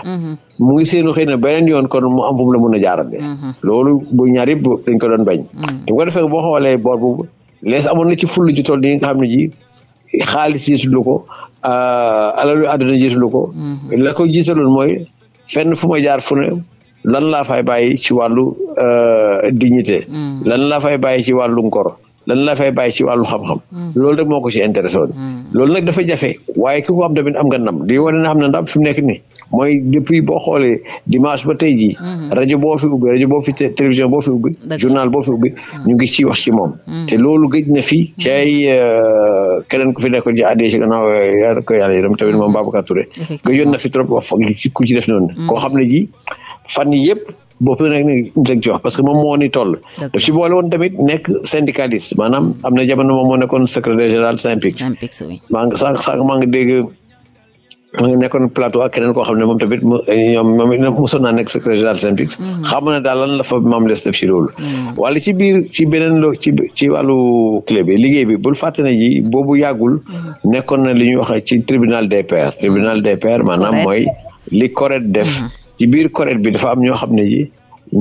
mu ngi seenu xëy na beneen yoon kon mu am fu mu la mun a jaarale. loolu bu ñaar yëpp dañ ko doon bañ. bu ko defee boo xoolee boor boobu lees amoon na ci full ji tool yi nga xam ne ji xaalis jiitalu ko ah, alalu àdduna jiitalu ko. la ko jiitaloon mooy fenn fu ma jaar fu lan laa fay bàyyi ci wàllu euh, dignité hmm. lan laa fay bàyyi ci wàllu ngor lan laa bàyyi ci wàllu xam-xam hmm. loolu rek moo ko intéressé hmm. loolu nag dafa jafe waaye ki ko am tamit am nga ndam di wane na xam ne ndam fi mu nekk nii mooy depuis boo xoolee dimanche ba te jii rajo boo fi ubbi rajo boo fi télévision boo fi ubbi journal boo fi ubbi ñu ngi wax ci moom te loolu gëj na fi ci ay euh, keneen ku fi nekkoon ci ADC gannaaw euh, yàlla ko yàlla a tamit moom Babacar Touré gëjoon na fi trop wax xam ne ji fan yi yëpp bopp nekk ni njëg jox parce que moom nekk syndicaliste maanaam am na jamono moom moo nekkoon secrétaire général Synpics maa ngi sànq sànq maa plateau ak keneen koo xam ne moom tamit eh, ñoom moom mosoon naa nekk secrétaire mhm. xam na daal lan la fa maam les def ci loolu mhm. wala ci biir ci beneen loo ci ci wàllu bi liggéey bi bul fàtte ji boobu yàggul mhm. nekkoon na li ñuy wax ci tribunal de pairs tribunal des pairs maanaam mooy li correct def ci biir CORED bi dafa am ñoo xam ne yi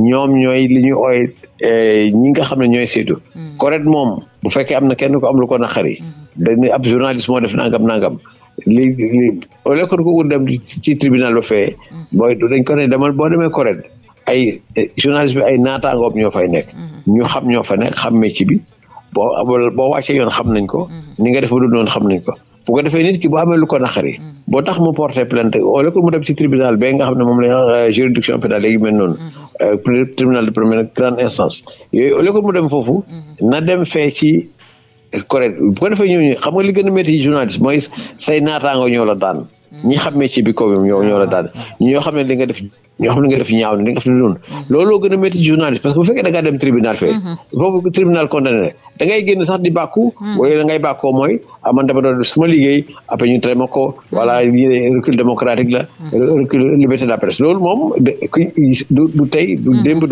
ñoom ñooy li ñu ooy eh, ñi nga xam ne ñooy saytu. CORED hmm. moom bu fekkee am na kenn ko am lu ko naqari. Hmm. dañuy ab journaliste moo def nangam nangam li li au lieu ko dem ci tribunal fee. Hmm. boo demee CORED ay eh, journaliste bi ay naataangoom ñoo fay nekk. ñu xam ñoo fa nekk xam métier bi boo boo wàccee yoon xam nañ ko. ni nga def ba du xam nañ ko. bu ko defee nit ki bu amee lu ko mm. boo tax mu porté plainte au lieu que mu dem ci tribunal ba xam ne moom la ñuy euh, juridiction pénale léegi mel mm-hmm. euh, tribunal de première grande instance yooyu o lieu que mu dem foofu mm-hmm. na dem fee ci correct bu ko defee ñooñu xam nga a métti journaliste mooy say naataango ñoo mm-hmm. ne li nga def ñoo xam ne nga def ñaaw ne nga def lu doon mm-hmm. looloo gën a métti tribunal fee mm-hmm. foofu tribunal condamné da ngay génn sax di bàkku mm-hmm. wala la ngay bàkkoo mooy ah man suma liggéey après ñu tere ma liberté de loolu moom du tey du démb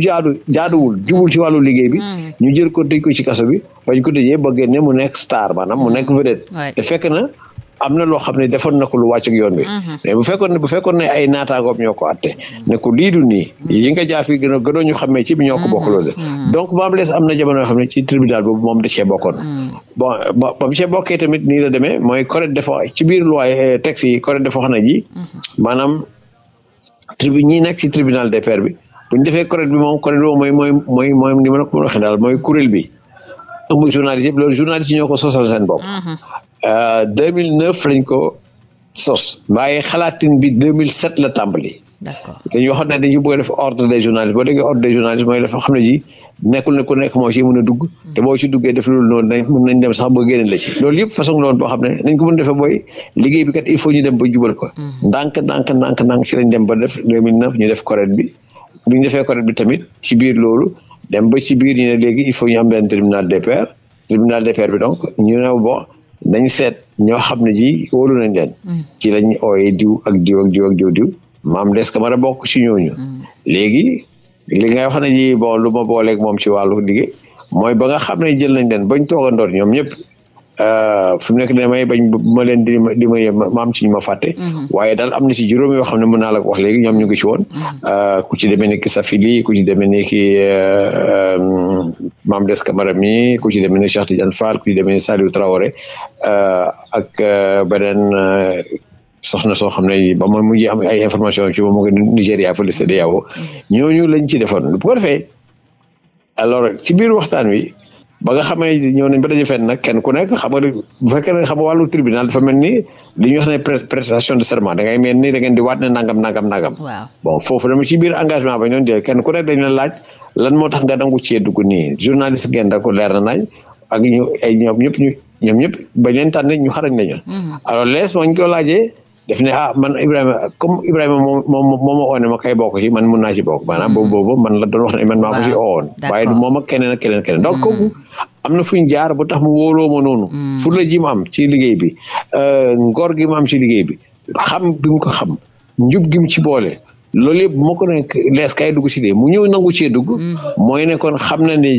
jaadu jaaduwul jubul ci wàllu liggéey bi ñu jël ko tëj ko ci kaso bi bañ ko tëjee mu nekk star maanaam mu nekk vedette te fekk na am na loo xam ne defoon na ko lu wàcc yoon bi. Mhm. bu fekkoon ne bu fekkoon ne ay naataangoom ñoo ko àtte. ne ko lii nii. Mhm. yi nga jaar fii gën a gënoon ñu xamee ci bi ñoo ko mhm. bokkaloo de. donc Mame Less am na jamono yoo xam ne ci tribunal boobu moom da cee bokkoon. mu cee bokkee tamit nii mooy CORED dafa ci biir loi euh, texte yi CORED dafa xam ne ji. maanaam tribu nekk ci tribunal des pairs bi bu ñu defee CORED bi moom CORED boobu mooy mooy mooy mooy ni ma la ko mën daal mooy kuréel bi ëmb journaliste yëpp loolu journaliste yi ñoo ko sosal seen bopp. 2009 euh, lañ ko sos waaye xalaatin bi 2007 la tàmbali. d'accord dañuy wax ne dañu bëgg a def ordre des journalistes boo déggee ordre des journalistes mooy dafa xam ne ji nekkul ne nekk moo ci mën a dugg. Hmm. te boo ci duggee def loolu noonu dañ mën nañ dem sax ba génne la yëpp façon loolu xam ne nañ ko mën a defee mooy liggéey bi kat il faut ñu dem ba jubal ko. Hmm. ndànk ndànk ndànk ndànk ci lañ dem ba def 2009 ñu def CORED bi bu ñu defee CORED bi tamit biir loolu dem ba ci biir ñu ne léegi il faut ñu am benn ñu dañ seet ñoo xam ne ji wóolu nañ leen. Mm. ci lañ ooyee diw ak diw ak diw ak diw diw. maam des Camara bokk ci ñooñu. Mm. léegi li nga xam ne ji bon lu ma booleeg moom ci wàllu liggéey mooy ba nga xam ne jël nañ leen bañ toogandoor ñoom ñëpp Euh, fi mu nekk damay bañ ma leen di ma di ma am ci ñu ma fàtte. Mhm. waaye daal am na ci juróom yoo xam ne mën naa la ko wax léegi ñoom ñu ngi ci woon. Mhm. Euh, ku ci demee ni ki Safili ku ci demee ni ki euh, Mame des Camara mi ku ci demee ni Cheikh Tidiane Fall ku ci demee ni Saliou Traoré ak beneen soxna soo xam ne ba ma mujj am ay information ci moom mu ngi Nigéria fële CEDEAO mhm. ñooñu lañ ci defoon bu ko defee alors ci biir waxtaan wi. ba nga xamee ñëw nañ ba daje fenn nag kenn ku nekk tribunal dafa mel ni li ñuy wax ne prestation de serment da ngay mel ni da ngeen di waat ne nangam nangam bon foofu dama ci biir engagement ba ñoon jël kenn ku nekk dañ laaj lan moo tax nga dangu cee dugg nii journaliste ngeen da ko leer na nañ ak ñu ay ñoom ñëpp ñu bañ leen tànn ñu xarañ nañu. Mm-hmm. alors lees moo ñu ko def ne ah, man Ibrahima comme Ibrahima moom moom moo ma oo ne ma kay bokk ci man mun naa ci bokk maanaam boobu man la doon wax ne man maa ko ci oowoon waaye du moom ak keneen ak keneen keneen mm. am na fu ñu jaar bu tax mu wóoloo ma noonu mm. fulla ji am ci liggéey bi euh, ngor gi mu am ci liggéey bi xam bi ko xam njub gi mu ci boole loolu yëpp bu ma ko ne lees kay dugg ci dee mu ñëw nangu cee dugg mm. mooy ne kon xam na ne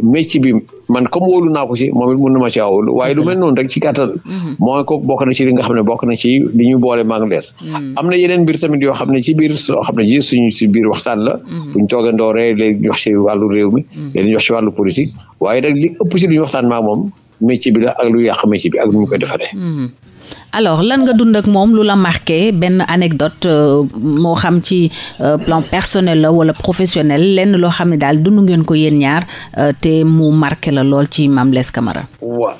métier bi man comme wóolu naa ko moom it mën na ma ci awul waaye lu mel noonu rek ci gàttal mhm. moo ko bokk na ci li nga xam ne bokk na ci li ñu boole maag lees mhm. am na yeneen mbir tamit yoo xam ne ci biir soo xam ne ji suñu si biir waxtaan la mhm. buñ toogee ndooree léegi ci wàllu réew mi léegi ñu ci wàllu politique waaye nag li ëpp ci li waxtaan maag moom métier bi la ak lu yàq métier bi ak lu koy defaree. Hmm. alors lan nga dund ak moom lu la marqué benn anecdote euh, moo xam ci euh, plan personnel la wala professionnel lenn loo xam ne daal dund ngeen ko yéen ñaar euh, te mu marqué la lool ci Mame Less Camara. waaw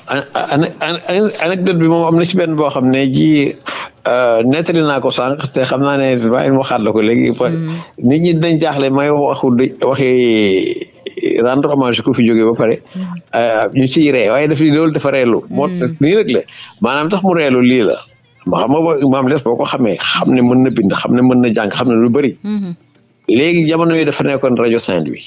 anecdote bi moom am na ci benn boo xam ne ji nettali naa ko sànq te xam naa ne waaye waxaat la ko léegi. Hmm. nit ñi dañ jaaxle may waxu waxi. rendre hommage ku fi jógee ba pare hmm. ñu ciy ree waaye daf loolu dafa reelu hmm. moo nii rek la maanaam tax mu reelu lii maam les boo ko xamee xam ne mën na bind xam ne mën na jàng xam ne lu bëri hmm. léegi jamono yi dafa nekkoon rajo Saint-Louis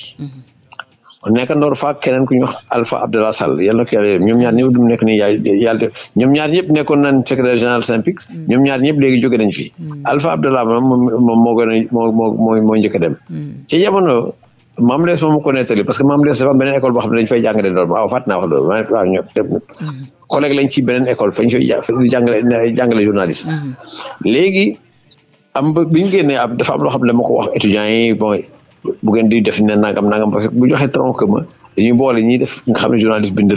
nekk faak keneen ku ñu wax Alpha Abdallah Sall yàlla na ko yàlla ñoom ñaar ñëpp dum nekk nii yàlla def ñoom ñaar ñëpp nekkoon nañ secrétaire général Synpics ñoom ñaar ñëpp léegi jóge nañ fi Alpha Abdallah moo gën dem ci jamono Maam Lees moomu ko nettali parce que Maam Lees dafa am école boo xam ne dañu fay mm-hmm. journaliste mm-hmm. léegi am ba bi am dafa loo xam ne dama wax étudiants yi di def ne nangam nangam parce que bu joxee tronc commun dañuy def xam ne journaliste bind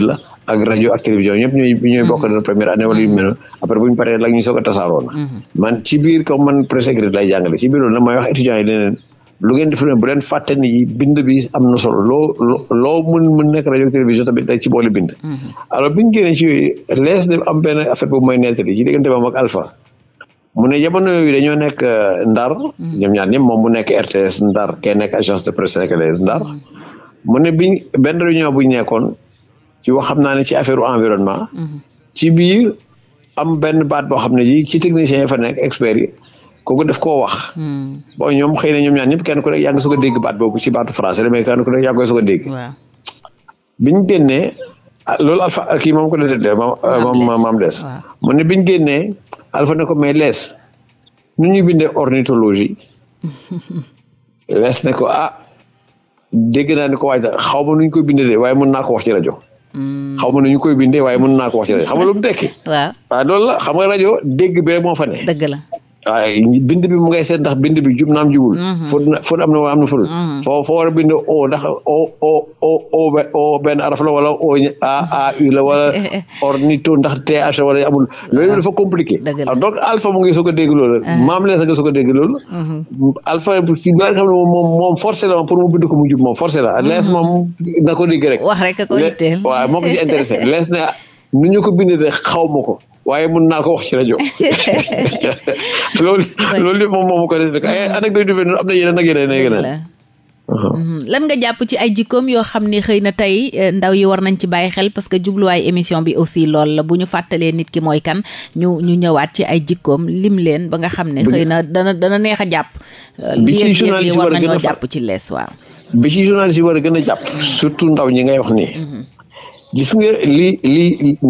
ak rajo ak télévision ñooy ñooy bokk mm-hmm. doon première année wala yu après bu paree la ñu soog a na man ci biir comme man presse écrite lay jàngale ci biir loolu may wax étudiants yi leneen lu ngeen di filmé bu leen fàtte ni bind bi am na solo loo loo mën mën nekk rajo télévision tamit day ci boole bind. Mm-hmm. alors bi ñu génnee ci yooyu lees na am benn affaire boobu mooy nettali ci mu ne jamono yooyu dañoo nekk euh, Ndar. Mm-hmm. ñoom ñaar moom mu nekk RTS Ndar kee nekk agence de presse sénégalaise mm-hmm. benn réunion bu ñu nekkoon ci wax xam ne ci affaire environnement. ci biir am benn baat boo xam ne ji ci technicien yi fa nekk experts yi. kooku def koo wax. Hmm. bon ñoom xëy na ñoom ñaar ñëpp kenn ku nekk yaa ngi dégg baat boobu ci baatu français la mais kenn ku nekk yaa ngi koy soog a dégg. biñ génnee ah, loolu alpha ah, moom ko doon déggee moom maam lees mu ne biñ génnee alfa ne ko mais lees nu ñuy bindee ornithologie lees ne ko a ah, dégg naa ne ko waaj xaw ma nu ñu koy bindee waaye mën naa ko wax ci rajo. Hmm. xaw ma nu ñu koy bindee waaye mën naa ko wax ci rajo xam nga lu mu tekki. loolu la xam nga rajo dégg bi rek moo fa ne. la. waaye bind bi mu ngay ndax bind bi jub jubul. Mhm. fóot na fóot am na waa am mhm. foo foo war a o ndax o o o o benn araf la wala o a a u la wala ornito ndax th wala amul loolu dafa a ah, donc alpha mu ngi soog a dégg loolu. Mhm. maam lees nga soog a dégg loolu. alpha fi nga xam ne moom moom forcé pour mu bind ko mu jub moom forcé la. lees moom na ko rek. wax rek ko itteel waaw moo ko ci intéressé lees ne nu ñu ko bindee xaw ma ko. waaye mun naa ko wax ci rajo loolu loolu yëpp moom moom ko def ay anecdote yu mel noonu am na yeneen ak yeneen ak yeneen uh-huh. mm-hmm. lan nga jàpp ci ay jikkoom yoo xam ne xëy na tey eh, ndaw yi war nañ ci bàyyi xel parce que jubluwaay émission bi aussi lool la bu ñu fàttalee nit ki mooy kan ñu ñu ñëwaat ci ay jikkoom lim leen ba nga xam ne xëy na dana dana neex a jàpp bi euh, ci journaliste war nañoo jàpp ci lees waaw bi ci journaliste yi war a gën a jàpp surtout ndaw ñi ngay wax nii mm-hmm. gis nga li li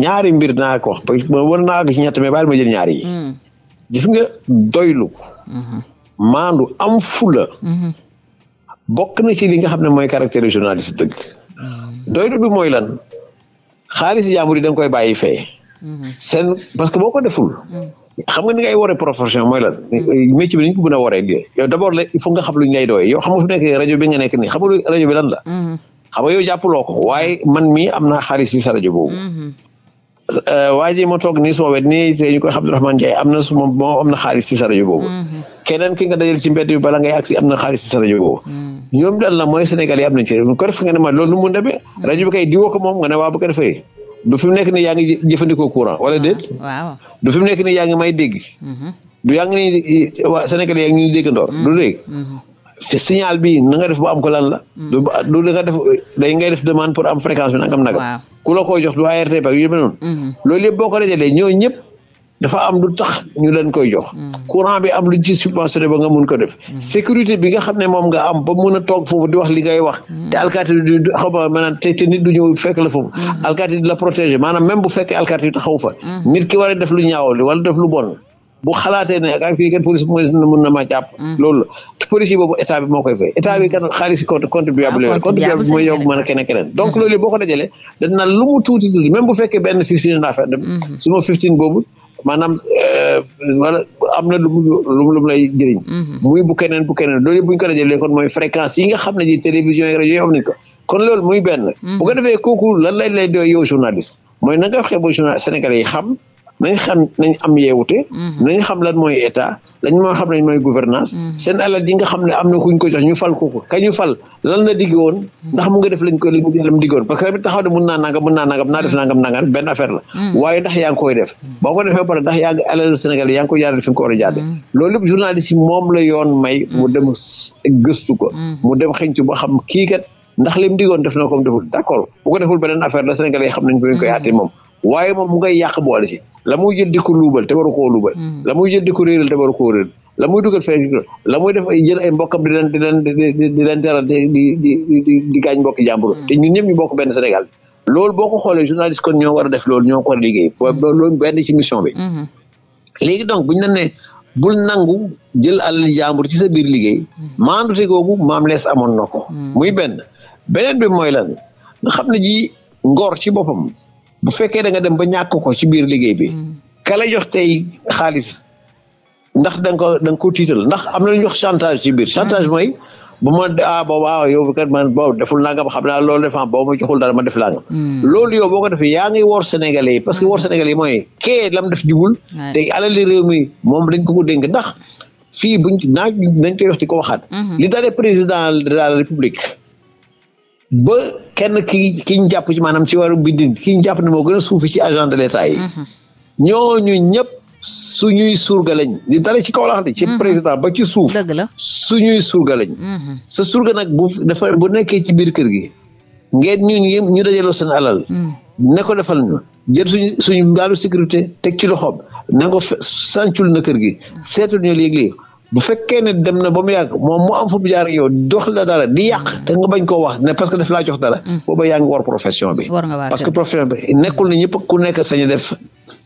ñaari mbir naa ko wax parce naa ko ci ñett mais baal ma jël ñaari mm. gis nga doylu. Mm-hmm. maandu am fula. Mm-hmm. bokk na ci li nga xam ne mooy caractère journaliste dëgg. Mm. doylu bi mooy lan xaalis jàmbur yi da nga koy bàyyi fee. Mm-hmm. seen parce que boo ko deful. Mm. xam nga ni ngay waree profession mooy lan métier bi ni ñu ko mën a waree yow d' nga xam lu ñu lay doyee yow xam nga fi nekk rajo bi bi lan la. xam nga yow jàppuloo ko waaye man mii am na xaalis ci sa rajo boobu. Mm-hmm. Euh, waa ji ma toog nii suma wet nii te ñu koy Abdourahmane Ndiaye am na suma moo am na xaalis ci sa rajo boobu. Mm-hmm. keneen ki nga dajal ci mbedd bi bala ngay agsi am na xaalis sa rajo boobu. Mm-hmm. ñoom daal la mooy Sénégal yi am nañ ci rajo ko nga ne ma loolu nu mu demee. rajo bi kay diwoo ko moom nga ne waa bu ko defee. du fi mu nekk nii yaa ngi jëfandikoo courant wala ah, déet. du fi mu nekk ni yaa ngi may dégg. du yaa ngi nii waa Sénégal yaa ngi ñuy déggandoor. du dégg te signal bi na nga def ba am ko lan la. Mm. du ba da nga def day ngay demande pour am fréquence bi nangam nagam. waaw ku la koy jox du ARTP ak yu mel noonu. Mm-hmm. loolu yëpp boo ko dajalee ñoo ñëpp dafa am lu tax ñu leen koy jox. Mm. courant bi am lu ci subventionné ba nga mun ko def. Mm. sécurité bi nga xam ne moom nga am ba mun a toog foofu di wax li ngay wax. te alkaati du xaw ma maanaam te te nit du ñëw fekk la foofu. Mm-hmm. alkaati di la protéger maanaam même bu fekkee alkaati xaw fa. nit ki war a def lu ñaawal wala def lu bon. bu xalaatee ne ak fii kat police mooy mën na ma jàpp. Hmm. loolu la police yi boobu état bi moo koy état ah, mooy yow keneen keneen donc hmm. loolu boo ko dajalee dana lu mu tuuti tuuti même bu fekkee benn fifteen naa fa hmm. boobu maanaam euh, am na lu mu lay jëriñ muy bu keneen bu keneen loolu bu ñu ko dajalee kon mooy fréquence yi nga xam ne ji télévision yi rajo yi am ko kon loolu muy benn bu ko defee kooku lan lay lay doy yow journaliste mooy na nga waxee ba yi xam nañ xam nañ am yeewute mhm. nañ xam lan mooy état lañ xam nañ mooy gouvernance mhm. seen alal ji nga xam ne am na kuñ ko jox ñu fal kooku ka ñu fal lan la digg woon mhm. ndax mu nga def lañ ko lam diggoon parce que tamit taxaw naa nangam mun naa nangam naa def nangam nangam koy def boo ko defee pare ndax yaa ngi alal Sénégal yaa ngi ko jaarale fi nga ko war a jaarale loolu yëpp journaliste yi moom la yoon may mu dem gëstu ko mu dem xëñcu ba xam kii kat ndax lim diggoon def na ko mu deful d'accord bu ko deful beneen affaire la Sénégal yi xam nañ ko ñu koy àtte moom waaye moom mu ngay yàq boole si la muy jël di ko luubal te waru koo luubal hmm. la muy jël di ko réeral te waru koo la muy dugal fay la muy def ay jël ay mbokkam di leen di leen di leen teral di di di di gaañ mbokki jàmbur hmm. te ñun ñëpp ñu bokk benn Sénégal loolu boo ko xoolee journaliste kon ñoo war a def loolu ñoo ko war a liggéey hmm. loolu benn ci mission bi léegi donc buñu ne bul nangu jël alal jàmbur ci sa biir liggéey maandute googu maam lees amoon na ko muy benn beneen bi mooy lan xam ne ji ngor ci boppam bu fekkee da nga dem ba ñàkk ko ci biir liggéey bi mm. ka la jox tey xaalis ndax da ko da nga ko tiital ndax am na lu ñuy wax chantage ci biir mm. chantage mooy bu ma ah boobu waaw yow kat man boobu deful nangam xam naa loolu defan boobu ma joxul dara ma def nangam mm. loolu yow boo ko defee yaa ngi woor Sénégalais yi parce que woor Sénégalais mooy kee lam def jubul te alali réew mi moom dañ ko ko dénk ndax fii buñ naaj dañ ko wax di ko waxaat mm-hmm. li dalee président ba kenn ki ki ñu jàpp ci maanaam ci waru bindin ki ñu jàpp ne moo gën a suufi ci agent de l'État yi mhm. ñooñu ñëpp suñuy surga lañ di dale ci kaw la xam ci mhm. président ba ci suuf dëgg la suñuy surga lañ mhm. sa surga nag bu nekkee ci biir kër gi ngeen ñu dajaloo seen alal ne ko defal ñu jël suñu suñu mbaalu sécurité teg ci loxoom ne ko na kër gi seetul ñu léegi bu fekkee ne dem na ba mu yàgg moom mu am fu mu jaar yow dox la dara di yàq te nga bañ koo wax ne parce que daf laa jox dara. Mm. booba yaa ngi war profession bi. parce que profession bi nekkul ne ñëpp ku nekk sañ def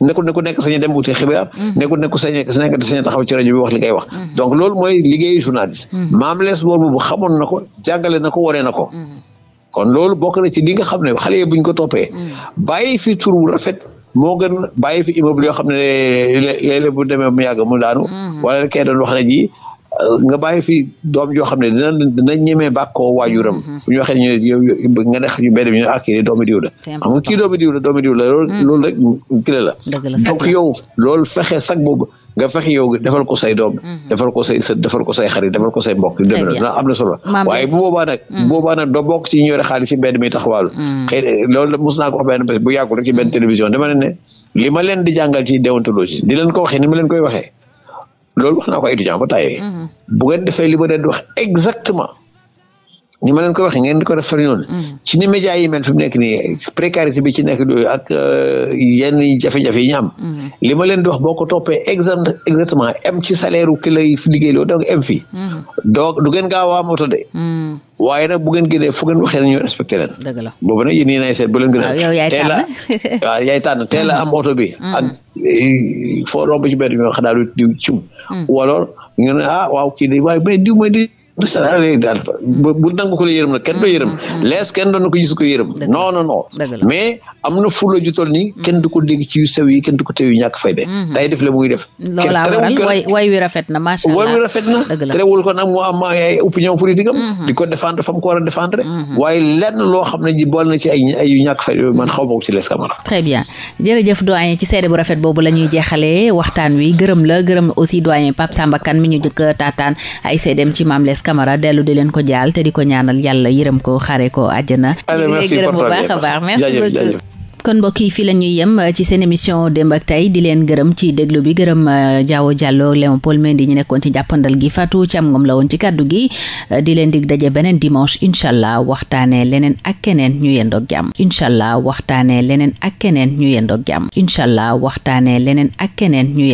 nekkul ne ku nekk sañ dem uti xibaar. Mm. nekkul ne ku sañ nekk sañ taxaw ci rajo bi wax li ngay wax. Mm. donc loolu mooy liggéeyu journaliste. maam lees boobu bu xamoon na ko jàngale na ko wane na ko. kon loolu bokk na ci li nga xam ne xale yi buñ ko toppee. bàyyi fi tur bu rafet. moo gën bàyyi fi immeuble yoo xam ne léeg-léeg bu demee mu yàgg mu daanu. Mm-hmm. wala kay doon wax ne ji nga bàyyi fi doom yoo xam ne dina dina ñemee bàkkoo waajuram. Mm-hmm. bu ñu waxee ñu yow nga nekk ñu benn bi ñu ne ah kii doomi diw la. xam nga kii doomi diw la doomi diw la mm-hmm. rek kii la yow loolu fexe sag boobu. nga fexe yow defal ko say doom. Mhm. defal ko say sët defal ko say xarit defal ko say mbokk. très am na solo waaye bu boobaa nag. bu mhm. boobaa nag doo bokk ci ñu yore mi taxawaalu. Mhm. xëy loolu la mos naa ko wax benn bu yàggul rek ci benn télévision dama ne leen di jàngal ci déontologie di leen ko waxee ni ma leen koy waxee loolu wax naa ko étudiant ba tàyyee. defee li ma leen exactement. ni ma leen ko waxee ngeen di ko def fari mm. ci ni médias yi mel nekk nii précarité bi ci nekk dooyu ak euh, yenn jafe-jafe yi ñu am. Mm. boo ko toppee exactement am ci salaire ki lay liggéey donc am fii. Mm. donc du ngeen a oto de. waaye nag bu ngeen génnee fu ngeen ñu respecté leen. dëgg la boobu nag yéen ñii naay seet a. waaw yow yaay tànn teel a waaw yaay tànn teel a am oto bi. ak eh, foo romb ci benn bi xanaa du diw ciw. wala ñu ne ah waaw kii de waaye bu ne diw mooy di. du salarié bu nangu ko la mm, yërëm nag mm, mm. kenn doo yërëm lees kenn doon na ko gis ko yërëm non non non mais am na fulla ju nii kenn du ko dégg ci yu yi kenn du ko teew yu ñàkk fay de def la muy def loolaa waral way na macha allah way wi rafet na ko nag mu am ay opinion mm-hmm. di ko défendre fa mu ko a défendre mm-hmm. waaye lenn loo xam ne ji na ci ay ay yu xaw ma ko ci les Camara très bien jërëjëf bu rafet boobu la ñuy jeexalee waxtaan wi gërëm la gërëm aussi doyen Pape Samba kan mi ñu jëkk taataan ay seedeem ci Mame Less Camara dellu di leen ko jaal te di ko ñaanal yàlla yërëm ko xare ko àjjana a baax merci beaucoup kon mbokk yi fii la ñuy yem ci seen émission démb ak di leen gërëm ci déglu bi gërëm euh, Diawo Diallo Léon Paul Mendy ñu nekkoon ci jàppandal gi fa Fatou Thiam Ngom la woon ci kàddu gi euh, di leen dig daje beneen dimanche incha allah waxtaanee leneen ak keneen ñu yendoog jàmm incha allah leneen ak keneen ñu yendoog jàmm incha allah leneen ak keneen ñu